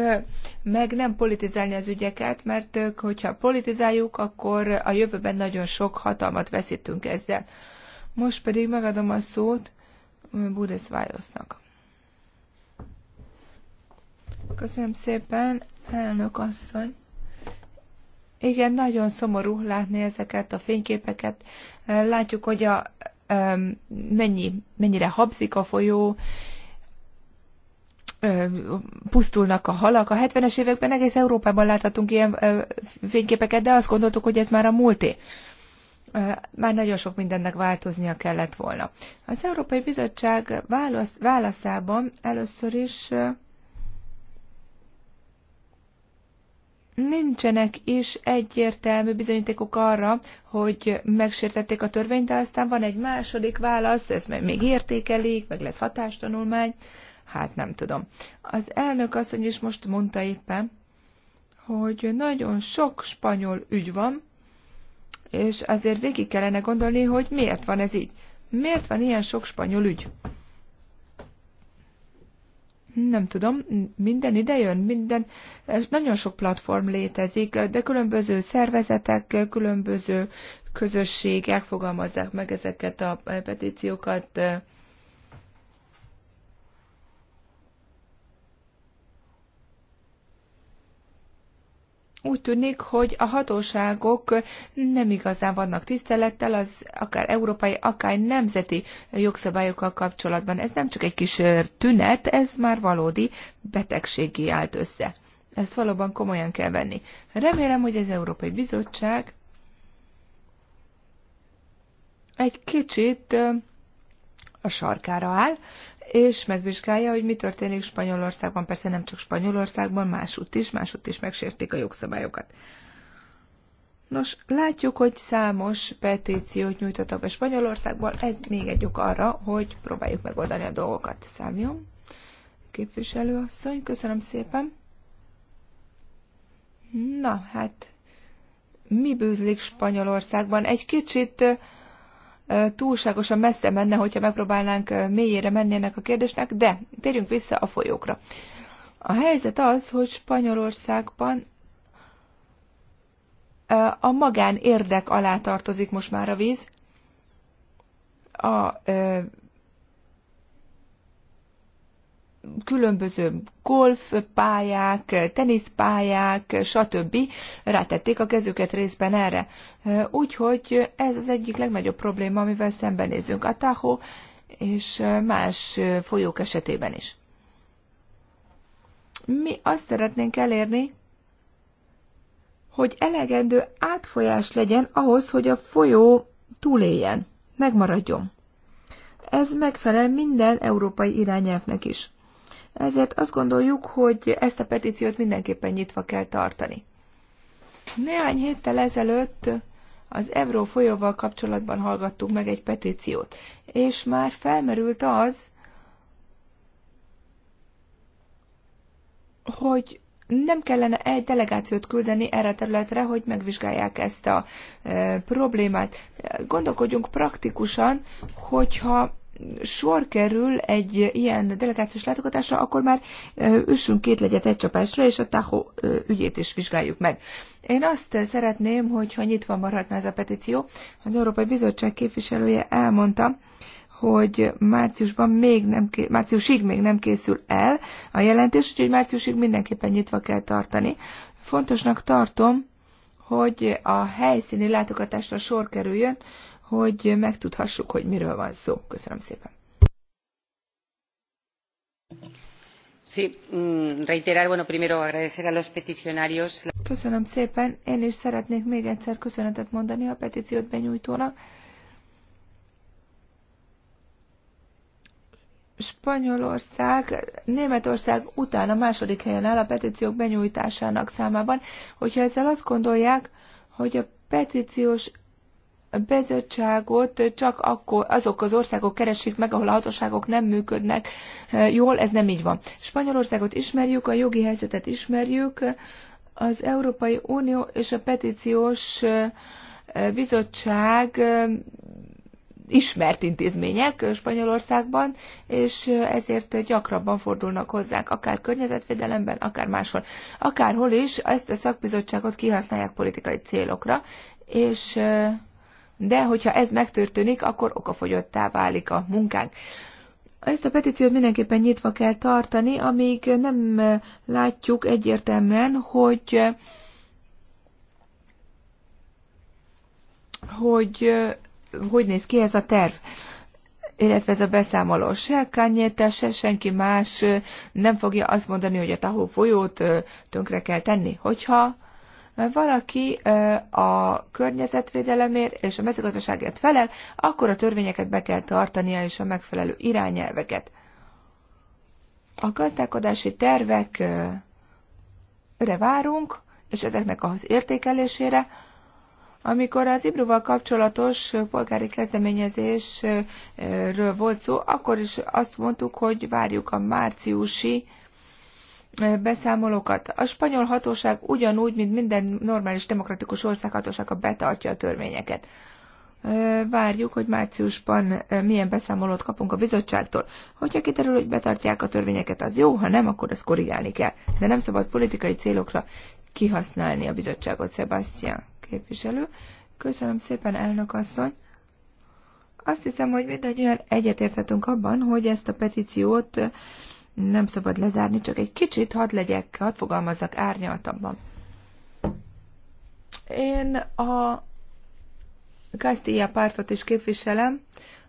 meg nem politizálni az ügyeket, mert hogyha politizáljuk, akkor a jövőben nagyon sok hatalmat veszítünk ezzel. Most pedig megadom a szót Budesz Vájosznak. Köszönöm szépen, elnök asszony. Igen, nagyon szomorú látni ezeket a fényképeket. Látjuk, hogy a, mennyi, mennyire habzik a folyó, pusztulnak a halak. A 70-es években egész Európában láthatunk ilyen fényképeket, de azt gondoltuk, hogy ez már a múlté. Már nagyon sok mindennek változnia kellett volna. Az Európai Bizottság válasz, válaszában először is nincsenek is egyértelmű bizonyítékok arra, hogy megsértették a törvényt, de aztán van egy második válasz, ez még értékelik, meg lesz hatástanulmány, hát nem tudom. Az elnök asszony is most mondta éppen, hogy nagyon sok spanyol ügy van, és azért végig kellene gondolni, hogy miért van ez így. Miért van ilyen sok spanyol ügy? nem tudom, minden ide jön, minden, nagyon sok platform létezik, de különböző szervezetek, különböző közösségek fogalmazzák meg ezeket a petíciókat, úgy tűnik, hogy a hatóságok nem igazán vannak tisztelettel az akár európai, akár nemzeti jogszabályokkal kapcsolatban. Ez nem csak egy kis tünet, ez már valódi betegségi állt össze. Ezt valóban komolyan kell venni. Remélem, hogy az Európai Bizottság egy kicsit a sarkára áll, és megvizsgálja, hogy mi történik Spanyolországban, persze nem csak Spanyolországban, másútt is, másútt is megsértik a jogszabályokat. Nos, látjuk, hogy számos petíciót nyújtottak be Spanyolországból, ez még egy ok arra, hogy próbáljuk megoldani a dolgokat. Számjon, képviselőasszony, köszönöm szépen. Na, hát mi bűzlik Spanyolországban? Egy kicsit túlságosan messze menne, hogyha megpróbálnánk mélyére menni ennek a kérdésnek, de térjünk vissza a folyókra. A helyzet az, hogy Spanyolországban a magán érdek alá tartozik most már a víz. A különböző golfpályák, teniszpályák, stb. rátették a kezüket részben erre. Úgyhogy ez az egyik legnagyobb probléma, amivel szembenézünk a Tahó és más folyók esetében is. Mi azt szeretnénk elérni, hogy elegendő átfolyás legyen ahhoz, hogy a folyó túléljen, megmaradjon. Ez megfelel minden európai irányelvnek is ezért azt gondoljuk, hogy ezt a petíciót mindenképpen nyitva kell tartani. Néhány héttel ezelőtt az Euró folyóval kapcsolatban hallgattuk meg egy petíciót, és már felmerült az, hogy nem kellene egy delegációt küldeni erre a területre, hogy megvizsgálják ezt a e, problémát. Gondolkodjunk praktikusan, hogyha sor kerül egy ilyen delegációs látogatásra, akkor már üssünk két legyet egy csapásra, és a Tahó ügyét is vizsgáljuk meg. Én azt szeretném, hogyha nyitva maradna ez a petíció. Az Európai Bizottság képviselője elmondta, hogy márciusban még nem, márciusig még nem készül el a jelentés, úgyhogy márciusig mindenképpen nyitva kell tartani. Fontosnak tartom, hogy a helyszíni látogatásra sor kerüljön, hogy megtudhassuk, hogy miről van szó. Köszönöm szépen.
Sí, mm,
reiterar, bueno, primero agradecer a los peticionarios. Köszönöm szépen. Én is szeretnék még egyszer köszönetet mondani a petíciót benyújtónak. Spanyolország, Németország után a második helyen áll a petíciók benyújtásának számában. Hogyha ezzel azt gondolják, hogy a petíciós bizottságot csak akkor azok az országok keresik meg, ahol a hatóságok nem működnek e, jól, ez nem így van. Spanyolországot ismerjük, a jogi helyzetet ismerjük, az Európai Unió és a petíciós e, e, bizottság ismert intézmények Spanyolországban, és ezért gyakrabban fordulnak hozzánk, akár környezetvédelemben, akár máshol. Akárhol is ezt a szakbizottságot kihasználják politikai célokra, és de hogyha ez megtörténik, akkor okafogyottá válik a munkánk. Ezt a petíciót mindenképpen nyitva kell tartani, amíg nem látjuk egyértelműen, hogy hogy hogy néz ki ez a terv illetve ez a beszámoló se Kanyéta, se senki más nem fogja azt mondani, hogy a Tahó folyót tönkre kell tenni. Hogyha valaki a környezetvédelemért és a mezőgazdaságért felel, akkor a törvényeket be kell tartania és a megfelelő irányelveket. A gazdálkodási tervekre várunk, és ezeknek az értékelésére, amikor az Ibruval kapcsolatos polgári kezdeményezésről volt szó, akkor is azt mondtuk, hogy várjuk a márciusi beszámolókat. A spanyol hatóság ugyanúgy, mint minden normális demokratikus ország hatósága betartja a törvényeket. Várjuk, hogy márciusban milyen beszámolót kapunk a bizottságtól. Hogyha kiderül, hogy betartják a törvényeket, az jó, ha nem, akkor ezt korrigálni kell. De nem szabad politikai célokra kihasználni a bizottságot, Sebastian képviselő. Köszönöm szépen, elnök asszony. Azt hiszem, hogy mindannyian egyetérthetünk abban, hogy ezt a petíciót nem szabad lezárni, csak egy kicsit hadd legyek, hadd fogalmazzak árnyaltabban. Én a Castilla pártot is képviselem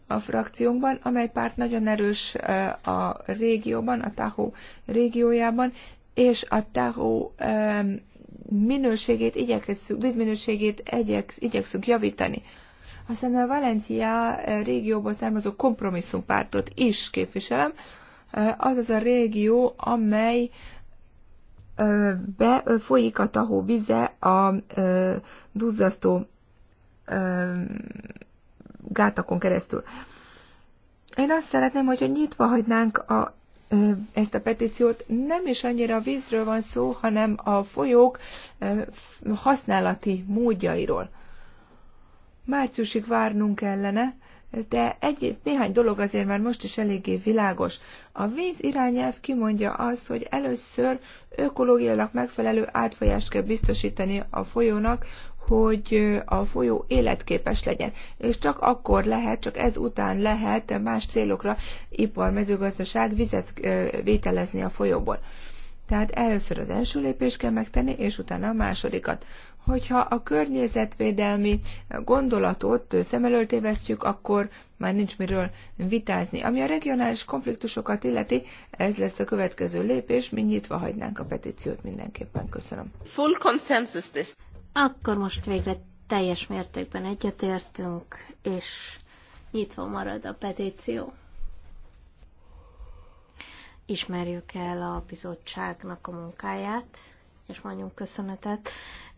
a frakciónkban, amely párt nagyon erős eh, a régióban, a Tahó régiójában, és a Tahó minőségét igyekszünk, vízminőségét igyeksz, igyekszünk javítani. Aztán a Valencia eh, régióból származó kompromisszumpártot is képviselem, az az a régió, amely be folyik a tahó vize a duzzasztó gátakon keresztül. Én azt szeretném, hogyha nyitva hagynánk a, ezt a petíciót. Nem is annyira a vízről van szó, hanem a folyók használati módjairól. Márciusig várnunk kellene, de egy, néhány dolog azért már most is eléggé világos. A víz irányelv kimondja azt, hogy először ökológiailag megfelelő átfolyást kell biztosítani a folyónak, hogy a folyó életképes legyen. És csak akkor lehet, csak ez után lehet más célokra ipar, mezőgazdaság vizet vételezni a folyóból. Tehát először az első lépést kell megtenni, és utána a másodikat hogyha a környezetvédelmi gondolatot szem elől tévesztjük, akkor már nincs miről vitázni. Ami a regionális konfliktusokat illeti, ez lesz a következő lépés, mi nyitva hagynánk
a petíciót mindenképpen. Köszönöm. Full consensus this. Akkor most végre teljes mértékben egyetértünk, és nyitva marad a petíció. Ismerjük el a bizottságnak a munkáját, és mondjunk köszönetet.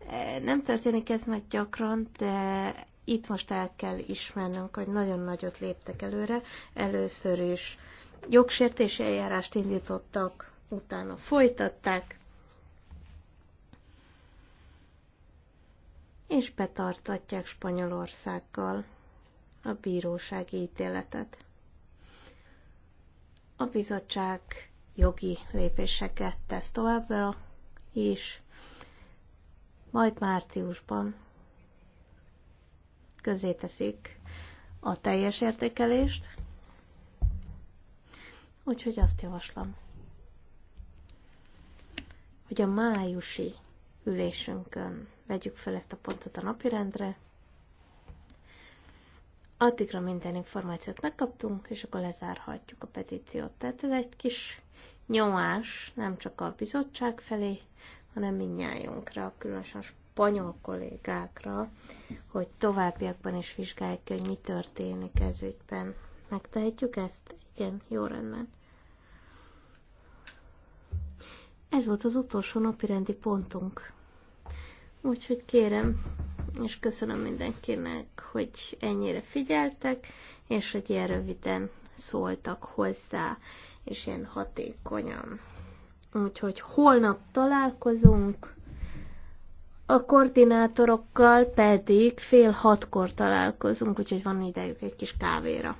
E, nem történik ez meg gyakran, de itt most el kell ismernünk, hogy nagyon nagyot léptek előre. Először is jogsértési eljárást indítottak, utána folytatták, és betartatják Spanyolországgal a bírósági ítéletet. A bizottság jogi lépéseket tesz továbbra, is. Majd márciusban teszik a teljes értékelést, úgyhogy azt javaslom, hogy a májusi ülésünkön vegyük fel ezt a pontot a napirendre, addigra minden információt megkaptunk, és akkor lezárhatjuk a petíciót. Tehát ez egy kis nyomás nem csak a bizottság felé, hanem mindnyájunkra, különösen a spanyol kollégákra, hogy továbbiakban is vizsgálják, hogy mi történik ez ügyben. Megtehetjük ezt? Igen, jó rendben. Ez volt az utolsó napirendi pontunk. Úgyhogy kérem, és köszönöm mindenkinek, hogy ennyire figyeltek, és hogy ilyen röviden szóltak hozzá és ilyen hatékonyan. Úgyhogy holnap találkozunk, a koordinátorokkal pedig fél hatkor találkozunk, úgyhogy van idejük egy kis kávéra.